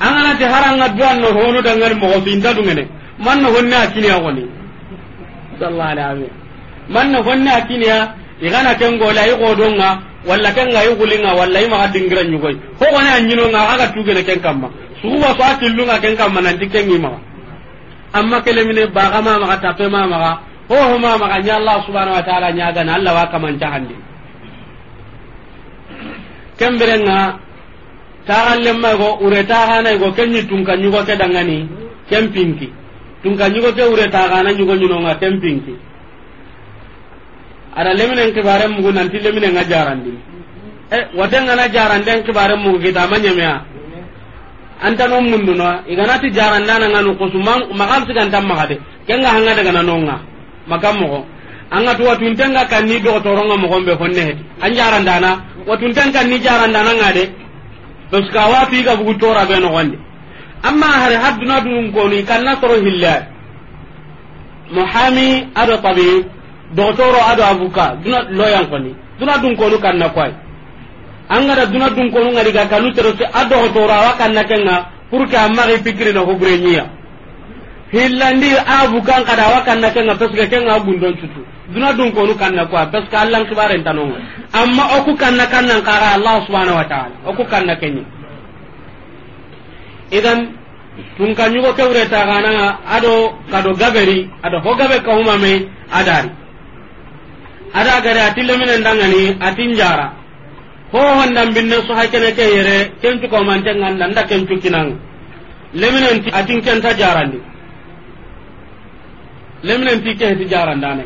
anga na te haranga duan no hono dangal mo ko tinda dungene man no honna kinya ko ni sallallahu alaihi man na honna akiniya igana ken gola i godonga walla ken ga i gulinga walla i maga dingira nyugoi ho gona yino nga aga tugene ken kamma suwa so atillunga ken kamma nan dikken ima amma ba ga ma ta pe ma maga ho ho ma maga nya Allah subhanahu wa ta'ala nya ga na Allah wa kaman ta kemberenga ma go na go ke tun ka nyugo ke dangani ken pinki tun tunka ñugo ke nyugo ñugo ñunonga ken pinki ada leminen kibaren mugu nanti leminen nga jarandi e wate ngana jarande an kibaren mugu kita ama ñemeya antano mundunoa iganati jarandana nga nukusu maxam sigantan maxa de kenga hanga dagana nonga maka mogo anga tu watuntenga kanni dogotoronga mogonɓe honne heti an jarandana watunten kanni jarandana nga de parce que awa fiiga bugu tora ɓe nogondi amma hari hadduna ni kan na soro hille muhami aɗo tabib dogotoro ado abuka duna loyan koni duna dun konu kanna koy angara duna dun konu ngari ga kanu ado adogotoro wa kanna kenna pour que amma ga pikiri na hubre nya hillandi abukan kada wa kanna kenga pesga kenna gundon tutu duna dun konu kanna koy parce que allah kibaren tanonga amma oku kanna kanna kara allah subhanahu wa ta'ala oku kanna kenya idan tun ka ñugo kewre taxanaga ado kado gaberi ado ho gabe kahumame adari ada gari ati leminen ndangani ati njara ho honda binne su hakene ke yere kentu ko man tan nganda nda kentu kinang leminen ti ati kenta jarandi leminen ti ke ti jarandane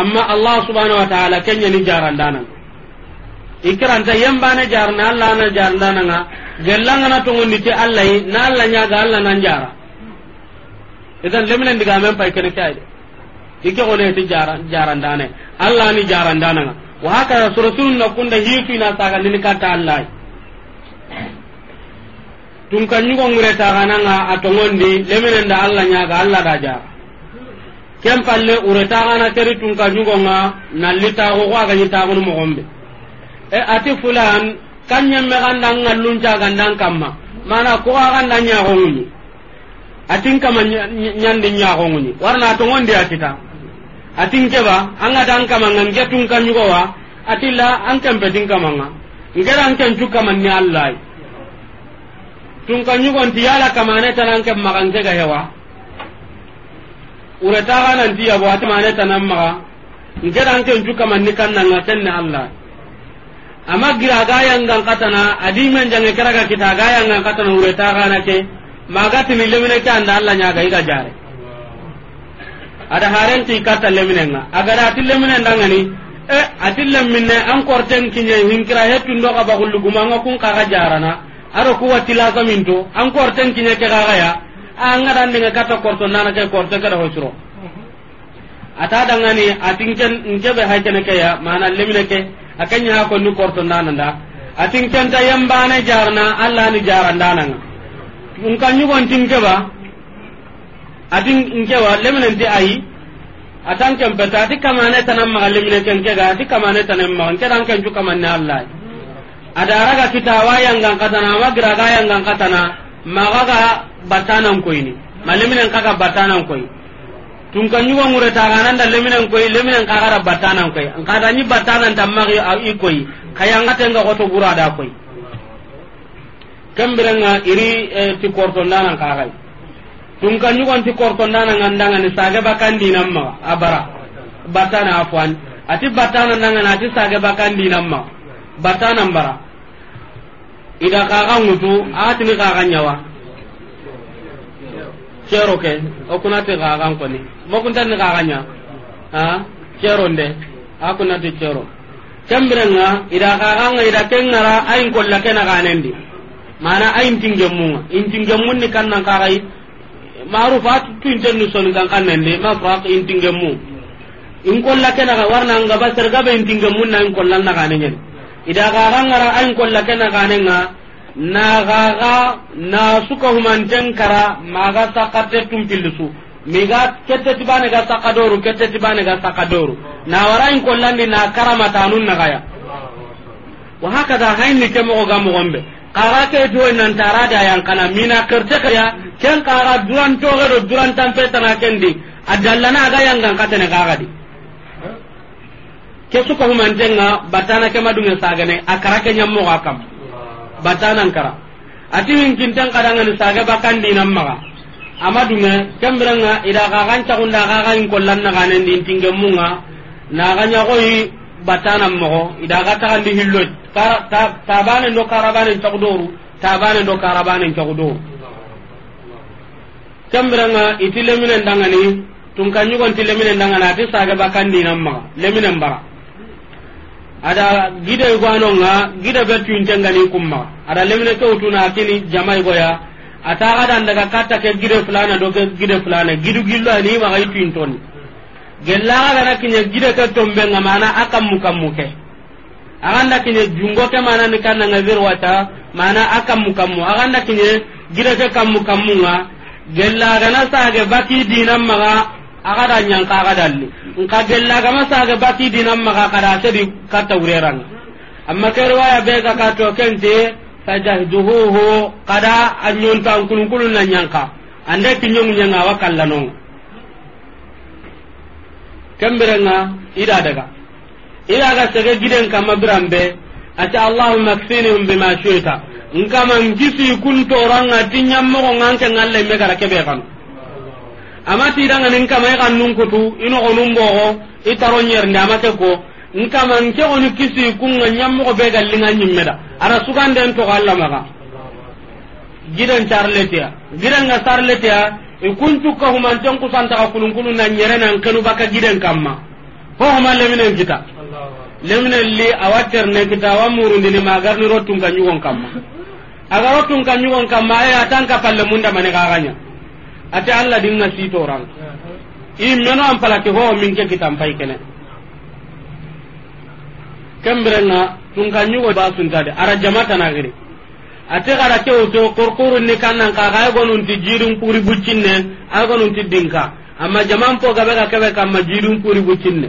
amma allah subhanahu wa ta'ala kenya ni jarandana ne yembane jarna allah na jarandana nga gellanga na ni ti allah na allah nya ga allah nan jara idan leminen diga men pai kene kayi ike gole ti jaran dane allah ni jaran dana nga wa haka suratul na kunda hitu ina saka ni kata allah tun kan nyugo ngure ta kana nga atongondi lemene da allah nya allah da jara kem palle ure ta kana teri tun kan nyugo nga nalita go ga ni ta gonu mogombe e ati fulan kanyam me ganda ngallun ta ganda kamma mana ko ga ganda nya go nguni atin kama nyande nya go nguni warna atongondi atita atin keba anga dan kamanga nge tun kan yugo wa atilla an kan bedin nga ngera an kan man ni allah tun kan yugo nti yala tan an kan magange ga hewa ura ta nan tiya bo atmane tanan maga ngera an kan man ni kan nan ngaten allah amma gira ga gayangan katana adimen jange ga kita gayangan katana ureta gana ke magati mi lemine ta anda Allah nya ga ida jare ada haren ti kata leminenga agar ati leminen dangani e eh, ati leminne an korten kinye hinkira hetun do kaba kullu gumanga kun kaka jarana aro wati tilasa minto an korten kinye ke kaga ya anga dan dinga kata korto nana ke korte kada hosro ata dangani be nkebe ne ke ya mana lemine ke akanya ha ko ni korto nana ati atinken ta ne jarana alla ni jarandana nga nkan tinke ba. adin nkewa lemnenti ayi atan kempeta ati kamane tanan maga lemine nkega ati kamane tanan maga nkedan kencu kamanne allah adaraga kitawa yangan katana ama giraga wa katana magaga batanan koyni ma leminen kaga batanan koy tunkanyugo ŋuretagananda leminen koy leminen kagara batanan koy nkadañi batanan tammagi i koy kayangatenga koto burada koy kembirenga iri eh, ti kortondanan kagay tun kan yugonti kortondana ngandangani sage bakandinanmaga abara batana afwan ati batana ndangani ati sage bakandinanmaga batanan bara ida kaga ngutu atini kakan nyawa kero ke kuna ti okunati kaga nkoni mokuntani kakan nya ha kero nde ti kero kembirenga ida kaga nga ida kengara ayin kolla kena kanendi mana ayin tingemunga kan kannan kagai marufa tu nu soni kan nende ma faq intingemu in kolla kena ga warna nga basar ga be intingemu na in kolla na ganen yen ida ga rangara ay kolla kena ganen nga na ga ga na suka human tenkara maga sakate tumpilisu miga kette tibane ga sakadoru kete tibane ga sakadoru na wara in kolla ni na karama nun na ya wa hakada hayni kemo ga mo gombe kara ke duwe nan tarada yang kana mina kerja kaya ken kara duran toge do duran tampe tana kendi na aga yang ngangkat ne kaga di ke suka jenga batana ke madunga sagane akara ke nyammo akam batana kara ati min kintang ne saga bakan amadu ne ken berenga ida kagan cakunda kagan kollan na kanen din tinggemunga na ganya koi batana mogo idaga tagandi hillo tabane do karabane cagudoru tabane do karabane cagudoru kembiranga iti leminen dangani tunkanyugonti leminen dangani ati sage na maga leminen bara ada gide gwanonga gide be tuintengani kumma ada lemine kewtuna akini jamai goya a ata gadan daga katta ke gide fulana do ke gide fulana gidu gillo ani maga ituintoni gella gana kinya gide ka tombe nga mana akam mukam muke aganda kinya jungo ke mana ni kana ngazir wata mana akam mukam mu aganda kinya gide ke kam mukam mu nga gella gana sage baki dinam maga agada nyang ka agada li nka gellaga gama sage baki dinam maga kada sedi kata ureran amma ke riwaya be ka ka to kente fajahduhu kada anyun tan kulun kulun na nyangka ande kinyo nyanga wakalla no nga ida daga ida ga sege giden kama birambe ati allahumma kfinihum bima shita nkama ngisi kun toranga tinyammogo nganke ngalle me gara kebe kanu amati idanga nin kama ikan nun kutu ino gonum bogo itaro nyernde amake ko nkama nke onu kisi kun kunga nyammogo be gallinga da ara sugande en to Allah maga gidan charletia gidan ga charletia kun ikun ta kulun kulun nan yare nan kanu baka gidan kamma ko huma leminen kita leminen li awa ne kita awa murundini magarni rottunka ñugon kamma aga rottunka ñugon kamma aye atanka palle mundamani xaxaña ate allah dinna ran. i meno pala ke ho min ke kita mpai kene tun tunka ñugo ba tade ara jama tanagiri ate gara ke oto korkorun ni kannan ka ga gonu ti jirun puri buccinne a gonu ti dinka amma jaman po ga ga kebe kamma jirun puri buccinne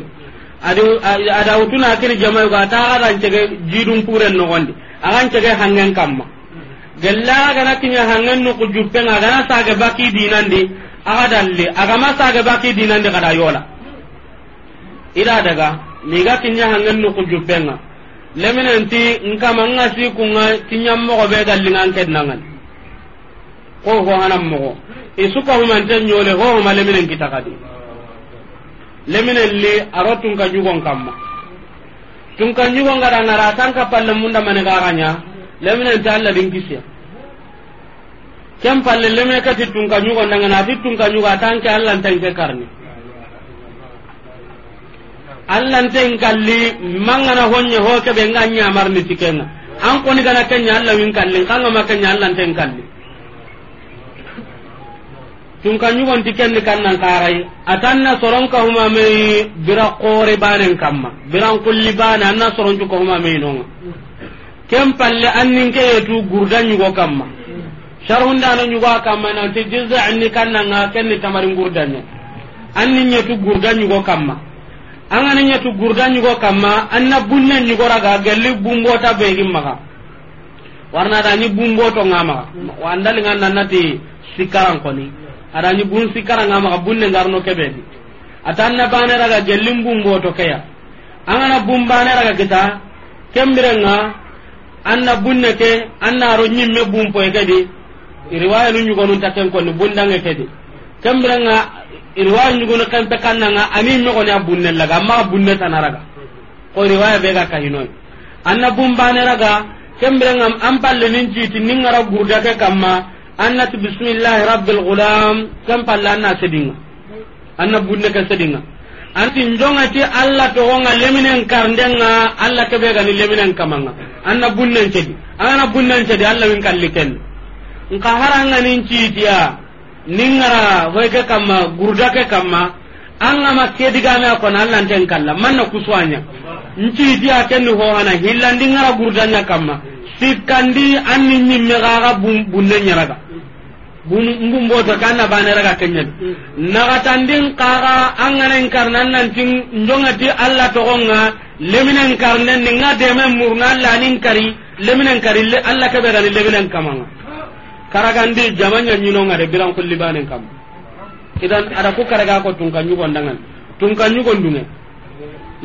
adu ada utuna akini jamay ga ta ga ran cege jirun puren no gondi ran cege hangen kamma gella ga na tinya hangen no kujuppe na ga na ga baki dinandi aga dalle aga ma ga baki dinandi da yola ida daga ni ga tinya hangen no kujuppe na leminanti nkama nga sikunga kiñammogo nga gallingan nangan ko hohanan mogo isuka humanten ñole hohoma leminen kita kadi leminen li aro tunka jugon kamma tunka jugon gada ngara tanka palle munda mane garaña leminen ta allah dinkisiya ken palle lemine kati tunka jugon dangana ati tunka jugo atanke allah ntanke karni nte ngalli mangana honye ho ke be nganya marni tikenga an koni kana kenya alla min kalli kanga makanya allante ngalli tun kan yugon tiken ni kannan karai atanna soron ka huma mai bira qore banen kamma biran kulli bana anna soron ko huma mai non kem palle nin ke gurda gurdan yugo kamma sharhun da nan yugo kamma na ti jizza anni kannan ga ken ni tamarin gurdan annin yetu gurdan yugo kamma angana ñatu gurda ñugo kama anna bunne ñugoraga gelli bumbota begin maga warna adañi bumboto nga maga andalinga nannati sikkaran koni adañi bun sikkaranga maga bunne ngarno keɓedi atanna angana kita anna bunne ke kedi riwaya nu koni kedi kemrenga irwa nyugunu kempe kannanga ani nyogone bunne laga amma bunne tanaraga ko riwaya be ga kahino anna bumbane raga kemrenga am palle nin jiti nin ngara gurda ke kamma annati bismillah rabbil gulam kam palle anna sedinga anna bunne ka sedinga anti njongati alla to wonga leminen karndenga alla ke be ga ni leminen kamanga anna bunne cedi anna bunne cedi alla win kalliken nka haranga nin ya. ningara hoyke kamma gurdake kamma angama kedigame a kona allanten kalla manna kusuwanya ntiiti akenni hohana hillandi ngara gurdanya kamma sikkandi anni ñimme xaxa bunne ñaraga mbumboto ke anna baneraga kenñadi naxatandin xaxa a nganen karne annantin njongati allah toxonga leminen karne ninga deme murna allanin kari leminen kari allah keɓegani leminen kamanga karagandi jamanya nyino ngare bilang kulli banen kam idan ada ku karaga ko tungkan nyugo ndangan tungkan nyugo ndunge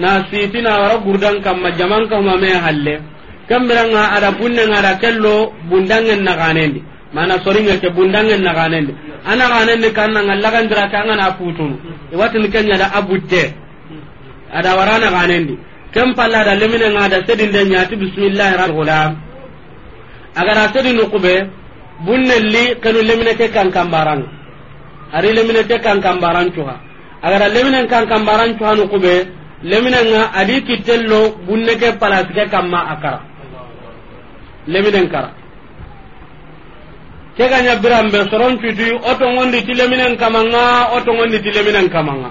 na siti na wara gurdan kam ma jaman kam ma me halle kam biranga ada bunne ngara kello bundangen na kanendi mana soringa ke bundangen na kanendi ana kanendi kan na kan dira kan na futun iwatin kenya da abudde. ada warana kanendi kam palla da lemine ngada sedin den nyati bismillahir rahmanir rahim agara sedin nukube bunnelli kanu leminete kan kambaran ari leminete kan kambaran cuha agara leminen kan kambaran cuha nu kube leminen nga adi kittello bunneke palasike kamma akara leminen kara ke ganya birambe soron cuti otongondi ti leminen kamanga otongondi ti leminen kamanga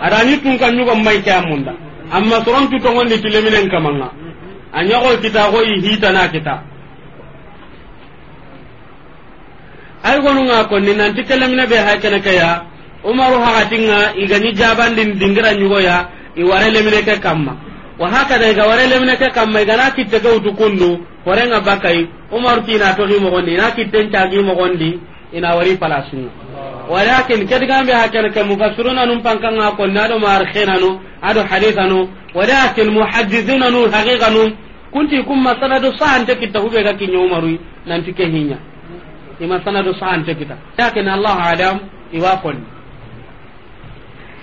adani tun kan nyugo mai ke amunda amma soron cutongondi ti leminen kamanga anyago kita go yi hita na kita ay gonu nga ko ni nanti kalamina be hakana kaya umaru hakatinga igani jabandin dingira nyugo ya iware lemine ke kamma wa haka hakada iga ware lemine ke kamma igana kitte ke utukundu nga bakai umaru tina togi mogondi ina gi cagi mogondi ina wari palasunga walakin kedigambe hakana ke mufassiruna num pankanga ko nado markhena no ado hadithanu walakin muhaddithuna nu haqiqanu kunti kum masaladu sahante kitta hubega kinyo umaru nanti ke hinya ima sanadu sahante kita lakin allah adam iwa konni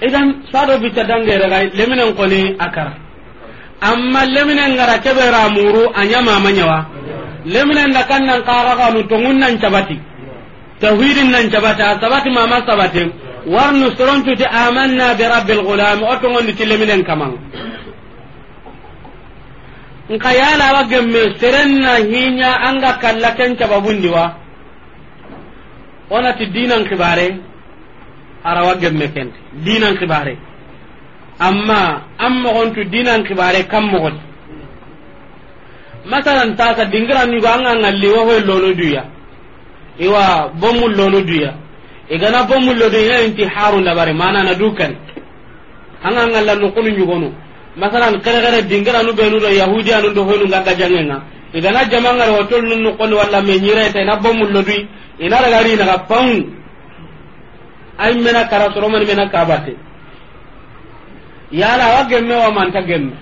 idan sado bita dangere daga leminen koni akara amma leminen ngara kebe ramuru anyama manyawa leminen da kannan qara kanu tongun nan cabati tawhidin nan a sabati mama sabati warnu sorontu ti amanna bi rabbil gulam o tongon ti leminen kamang nka yala wa gemme serenna hinya anga kallaken cababundi wa onati dinan kibare arawa gemme kente dinan kibare amma an mogontu dinan kibare kan mogoti masalan tasa dingirannigo an ga ngalli wohoy lonu duya iwa bomu lonu duya igana bomu lo duya inti haru bare mana na dukan an ga ngalla nukunu nyugonu masalan kare kare dingiranu benu do yahudiya nu do hoynu ga gajangenga igana jamangare hotol nun nukonu walla me nyirete na bomu lo duya ina daga ri na pang ay mena kara soro man mena kabate yala wa gemme wa man ta gemme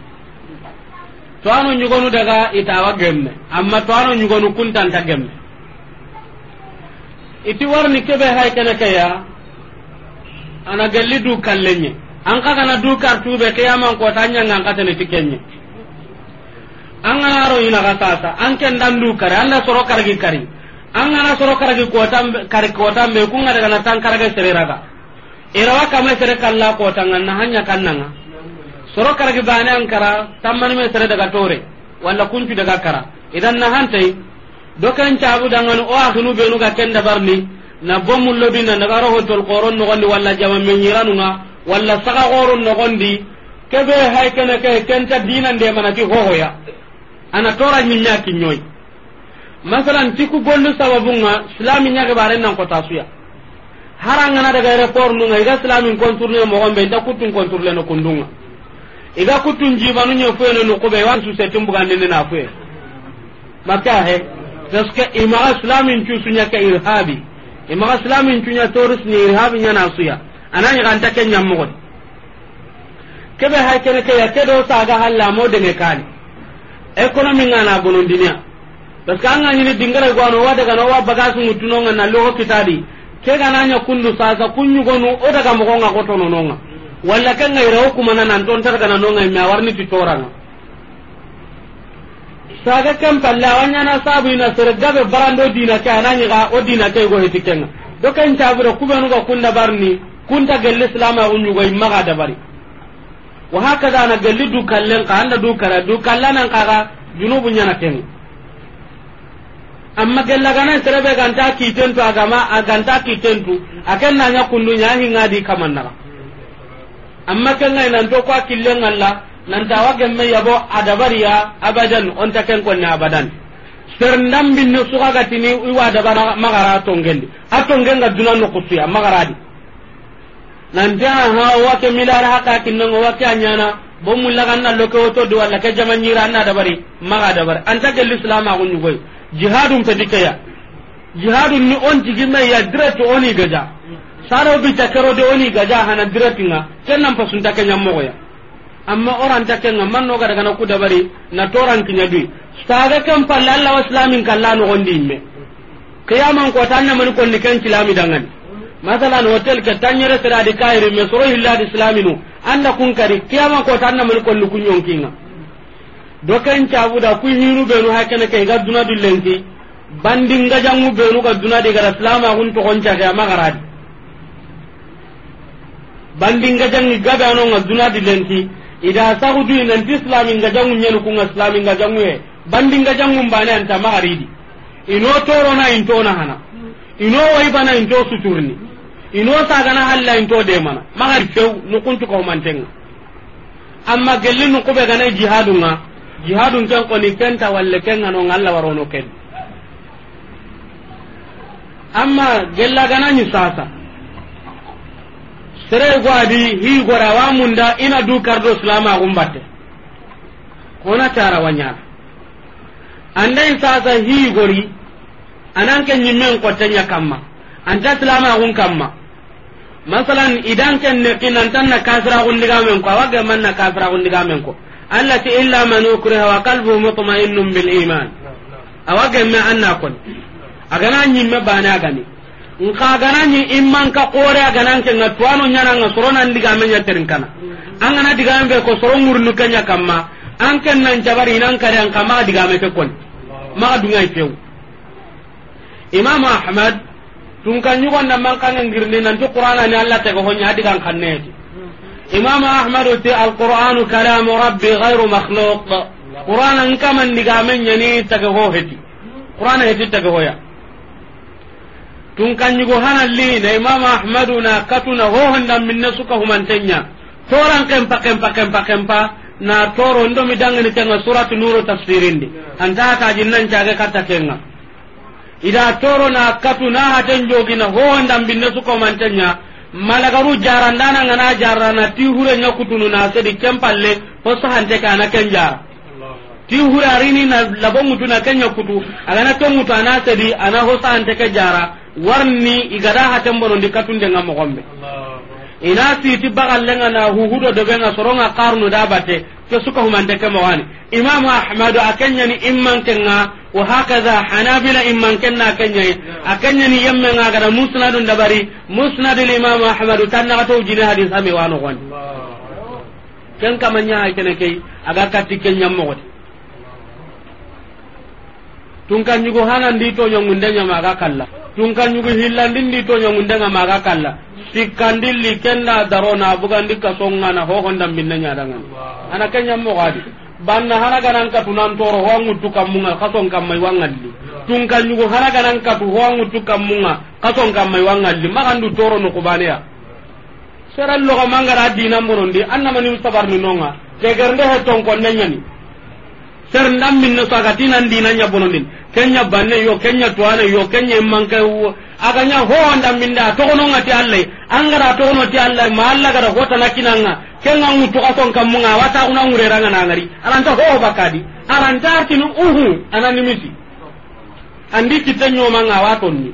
to anu nyugonu daga ita wa gemme amma to anu nyugonu tan ta gemme iti warni kebe hay kana kaya ana galli du kallenye an ka kana du kartu be man ko tanya ngan ka tane tikenye an ngaro ina ka ta an ken dan du kare an da soro kargi kari an gana soro karagi kotan kari kotan be kun daga na tan karage sereraga irawa kame sere kalla kotan na hanya kannanga soro karagi bane an kara tammani me sere daga tore wala kuncu daga kara idan na hantai dokan cabu dangan o akhinu be nuga kenda barni na bomu lobi na daga roho tol qoron no gondi walla jama me nyiranu wala saga qoron no gondi kebe hay kana ke kenta dinan de manati hohoya ana tora nyinya kinyoy masalan tiku gollu nga islami nyage bare nan kota suya harangana daga report nunga iga islami konturne mo gombe nda kutun konturle no kundunga iga kutun jibanu nyo fe no kube wan su setum bugande ne na fe maka he daske ima islami cu sunya ka irhabi ima islami cu nya torus ni irhabi nya na suya anani ga ta nyam mo ke kebe ha kene ke ya kedo saga halla mo de ne kan economy na gonon dunia parce que anga ɲini dingara gwano wa daga no wa mutu mutuno nga na loho kitadi ke gana nya kundu sasa kunyu gonu o daga mo nga ko tono nonga walla ke ngai rawo kuma na nan ton targa na nonga mi awarni ti toranga saga kam palla wanya na sabu ina sere gabe barando dina ka na ga o dina ke go hetikenga do kan tabura kubanu ga kunda barni kunta gelle islama unyu go imma ga dabari wa hakada na gelle du kallen ka anda du kara du ka kaga junubun yana kenga amma gella gana serebe ganta kitentu agama aganta kitentu aken nanya kundu nyahi ngadi kamanna amma kenga nan to kwa kille alla nan ta wage me yabo adabariya abadan on ta ken konna abadan serndam bin no suka gatini iwa dabara magara ato ngenga dunan no magara magaradi nan ta ha wake milara haka kinno wake anyana bomulla ganna lokoto do wala ke jamanyira na dabari maga dabari anta gelli islam agunyugoi jihadun ta dika ya jihadun ni on jigi mai ya direct oni gaja saro bi ta karo de oni gaja hana direct nga nan fasun ta kenya mo ya amma oran ta kenga man no gada kana ku da bari na toran kinya dui saga kan palla Allah wa islamin kallan gondi me kiyaman ko tanna man ko ni kan kilami dangan masalan hotel ka tanyere sira di kairi me soro hilla islaminu anda kun kari kiyaman ko tanna man ko lu kunyon kinga dokan ken da ku hinu benu hakene kai ga duna dullenki bandinga jangu benu ga duna de gara salama hun to konca ga magarad bandinga jangi gabe ano ga duna dullenki ida sahu du nanti islamin ga jangu nyen ku islamin ga jangu e ga jangu mbane anta magaridi ino toro na into na hana ino waibana into suturni ino sagana halla into de mana magari few nu kuntu ko mantenga amma gelli nu kube gana jihadunga jihadun ken koni kenta walle ken ngano ngalla warono ken amma gella gana ni sasa sere gwadi hi gora wa munda ina du kardo islama gumbatte kona tara wanya andai sasa hi gori anan ken nyimme ko tanya kamma anta islama gum kamma masalan idan ken ne kinan tan na kasra gundiga men ko waga man na kasra gundiga men ko allati illa man ukriha wa qalbuhu mutma'innun bil iman awa gemme anna kon agana nyimme bana gani nka gana nyi imman ka qore agana nke na tuano nyana nga sorona ndiga menya terinkana angana diga ambe ko soro ngurnu kenya kamma anke nan jabari nan kare an kama diga me kon ma dunga ifew imam ahmad tun kan yugo nan man kan ngirni nan to qur'ana ni allah ta go honya diga kan ne imam ahmad uti alqur'anu kalamu rabbi ghairu makhluq qur'ana nkaman digamen yani taga ho heti qur'ana heti taga hoya tun kan yugo hanalli na imam ahmadu na katuna ho handa minna suka humantenya toran kempa kempa kempa kempa na toro ndo mi dangani kenga suratu nuru tafsirindi anta ta jinnan jage kata kenga ida toro na katuna haten jogina ho handa minna suka humantenya malagaru jarandana ngana jarana ti hure nya kutunu na sedi kempalle so hande kana kenja ti hure arini na labongutu na kenya kutu agana tongutu ana sedi ana ho hante ke jara warni igada hatem di katunde nga mogombe ina bagal lenga na de nga soronga karnu da ke suka humante kama wani imam ahmad akanya ni imman kenga wa hakaza hanabila imman kenna akanya akanya ni yamma ngaga da musnadun dabari musnadul imam ahmad tanna to jina hadis ami wa gon ken kamanya ay kenake aga katike nyammo wati tun kan yugo hanan dito to nyongunde nyama aga kalla tun kan yugu hillandin di to nyamunde nga maga kalla sikandin li kenna daro na bugandi kasonga na ho honda minna nyadanga ana kenya mo gadi banna hana ganan ka tunan toro ho ngutu kamunga kason kam mai wangalli tun kan yugo hana ganan ka tu ho ngutu kamunga kason kam mai wangalli magandu toro no kubaniya seral logo mangara dina morondi annama ni sabar ni nonga kegernde he ton konne nyani ser ndam min no saga tinan dina nya bonondin kenya banne yo kenya tuane yo kenya manka aga nya ho ndam min da to kono ngati allah angara to kono ti allah ma allah gara hota nga kenga ngutu ka son kamunga wata una ngurera ngana ngari aranta ho bakadi aranta artinu uhu anani misi andi kitenyo manga watonni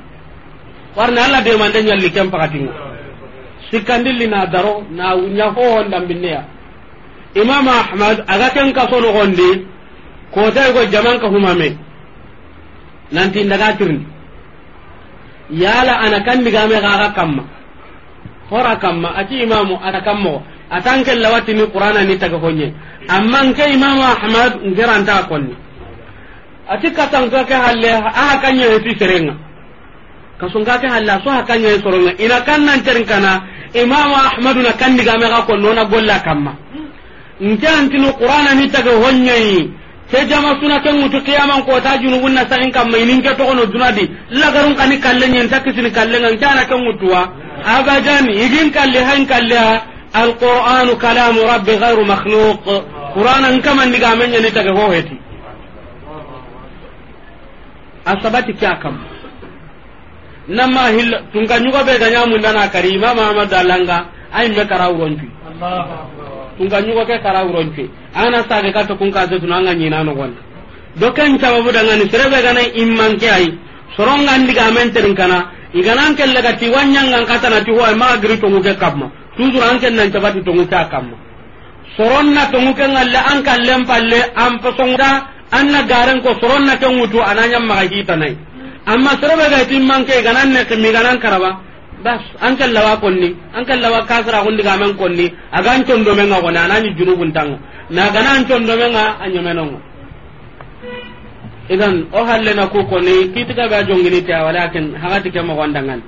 warna allah de mande nyalli kem pakatinga sikandilli na daro na nya ho ndam binne ya imam ahmad aga ken ka sono gondi kotay go jaman ka humame nanti ndaga tirni yala ana kan digame kaga kamma hora kamma ati imamu ata kammo a tanke lawati ni qur'ana ni taga honye amma nke imamu ahmad ngeranta konni ati katan ka ke halle aha kanye heti serenga kasunga ke halla so ha kanye soronga ina kan nan terinkana imamu ahmad na kan digame ga konno na golla kamma nke antinu qur'ana ni taga honye ke jama suna ken ngutu qiyaman ko ta junubun sa in kan mai ke to ono dunadi lagarun kani kallen yen kisin kallen an kan mutuwa aga abadan igin kalle han kalle alquranu kalamu rabbi ghairu makhluq qur'anan kaman diga men yen tage ho heti asabati kya kam namma hil tunga nyuga be ganya mun dana kari imam ahmad dalanga ay me karau ronti allah kun ga nyugo ke kara uronche ana sage ka to kun ka se tunanga nyina no gon do ken sababu daga ni serebe gana imman ke ai soronga ndiga men terin kana iganan kelle ga ti wanyang ngang kata na ti ho ma gri to nguke kamma tuzur an ken nan tabati to nguta kamma soronna to nguke ngalle anka kallem palle am posonga anna garan ko soronna to ngutu ananya ma hita nai amma serebe ga ti imman ke ganan ne mi ganan karaba bas an kan lawa konni an kan lawa kasra hundi ga men konni aga an do men ga wona nani junubun tang na ga nan do men ga anyo menon idan o halle na ko konni kitiga ba jongini ta walakin hagati ke mo wandangan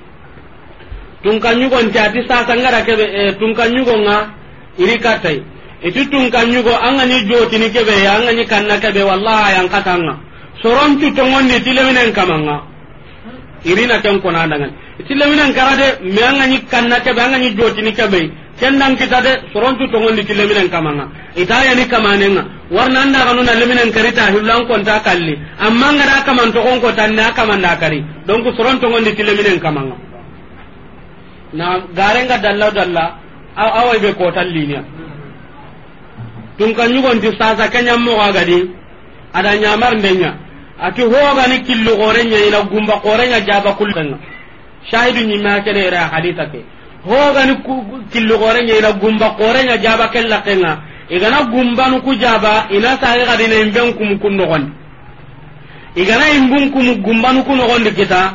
tun kan yugo ti sa sangara ke tun kan yugo nga iri katai itu tun kan yugo an ani joti ni ke be an ani kanna ke be wallahi an katanga soron tu tongon ni tilewinen kamanga irina ken kona dangan itileminan kara de me anga ni kanna ke be anga ni joti ni kebe kendan kita de sorontu tongon di tileminan kamanga itaya ni kamanenga warna anda kanu na leminan karita hilang konta kalli amma ngara kaman to konko tanna kamanda kari donc sorontu ngon di tileminan kamanga na garenga dalla dalla awai be ko tallinya tun kan yugon ti sasa kanyam mo gadi ada nyamar ndenya ati hoga ni killu gorenya ina gumba gorenya jaba kullanga shahidu ñimme kede ira hadisa ke killi ina gumba korenga jaba igana gumbanu ku ina sahi kadina imben kumu kun igana imbun kumu gumbanu ku nogondi kita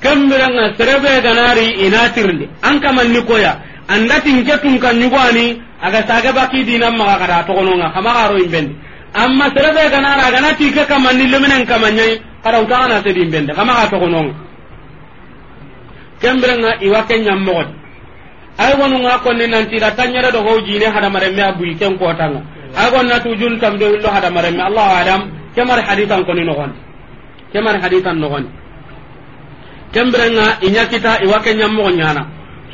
ganari ina tirndi an kamanni koya kan aga sage baki dinan maga kada togononga kamagaro imbendi amma serebe ganara agana kembirenga iwa ke ñammogod ay gonunga konni nantida tanyere dogo jine hadamaremme a buyi ken kotanga ay gonna tujun kam do hillo hadamaremme allahu alam kemar haditan koni nogondi kemar haditan nogondi kembirenga iña kita iwa ke ñammogo ñana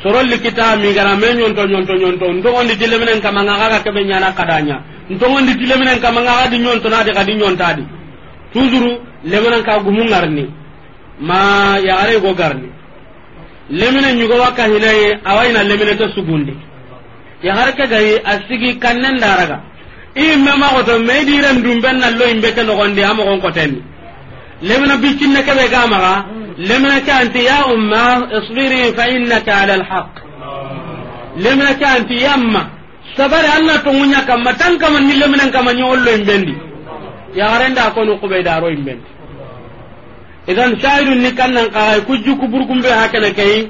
sorolli kita migara me nyonto nyonto nyonto di kama nga ñonto ñonto ñonto ntogondi dileminen kamanga kaga keɓe ñana kadaña ntogondi dileminen kamanga kadi ñontonadi kadi ñontadi toujours lemenan ka ngarni ma yagare go garni lemine waka kahinaye awayna lemine te sugundi yaharke gayi a sigi kannen daraga goto magoto meidiren dumben lo imbe ke nogondi a lemina kotenni lemine biccinne keɓe ga maga lemine ke anti ya umma isbiri fa innaka ala alhaq lemine ke anti yamma sabari anna munya kamma tan kama ni leminen kama ñowollo imbendi ko no kubeda ro imbendi idan shahidun ni kannan kaay ku jukku burkum be ha kana kay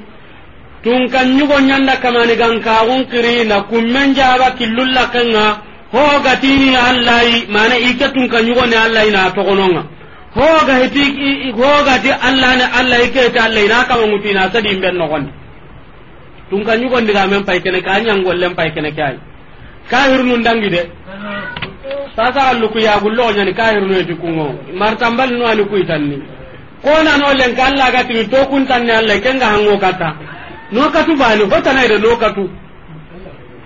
tun kan nyugo nyanda kamani gan ka gun kiri na kun men jaba killulla kanga ho gati ni allah mana ike tun kan nyugo ni allah ina to gononga ho ga heti ho gati allah ne allah ike ta allah ina ka mu tina sadi ben no gon tun kan nyugo ndiga men pay kene ka nyang gollem pay kene kay kahir nun dangi de sasa alluku ya gullo nyani kahir nu edikungo martambal nu alluku itanni ko na no len ka Allah ga tin to kun tan ne Allah kenga hango kata no katu bani ko tanai da no katu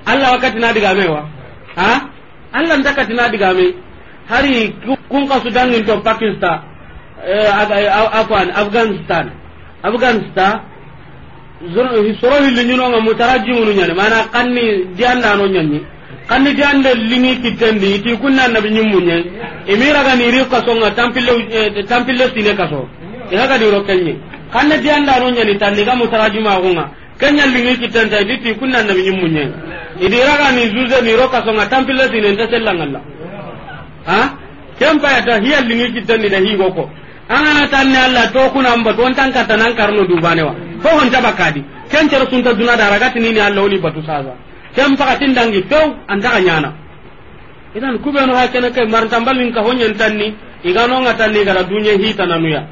Allah wakati na diga mewa ha Allah ndaka na diga me hari kun ka sudan ni to Pakistan eh, eh afan Afghanistan Afghanistan soro hilli ñinonga mutarajimunu ñani mana kanni diandano ñanni kanni diande lini kitendi iti kunna nabi ñimmuñe imiragani iri kasonga tampile eh, tampille sine kaso ihaga diro kenyi kanna dianda no nyani tanni ga mutarajuma gunga kenya lingi kitanta diti kunna nabi nyimmunye idira ga ni zuze ni roka songa tampilla dinen ta sellangalla ha kempa ya ta hiya lingi kitani da higo ko angana tanne alla to kuna amba don tan kata nan karno dubane wa ko hon ta bakadi ken tero sunta duna da ragati ni alla oli batu saza kempa katin dangi to anda ga nyana idan kubeno ha kenaka martambalin ka honyen tanni igano ngata ni gara dunye hita nanuya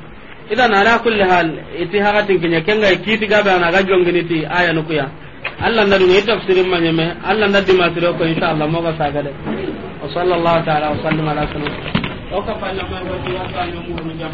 idan ala kulli hal iti hakatin kinya kenga kiti gabe na ga jongini ti aya nukuya Allah na dunga tafsirin manye me Allah na dima tiro ko insha Allah mo ga sagale wa sallallahu ta'ala wa sallama ala sunnah o ka fa na ko ti wa sallu mu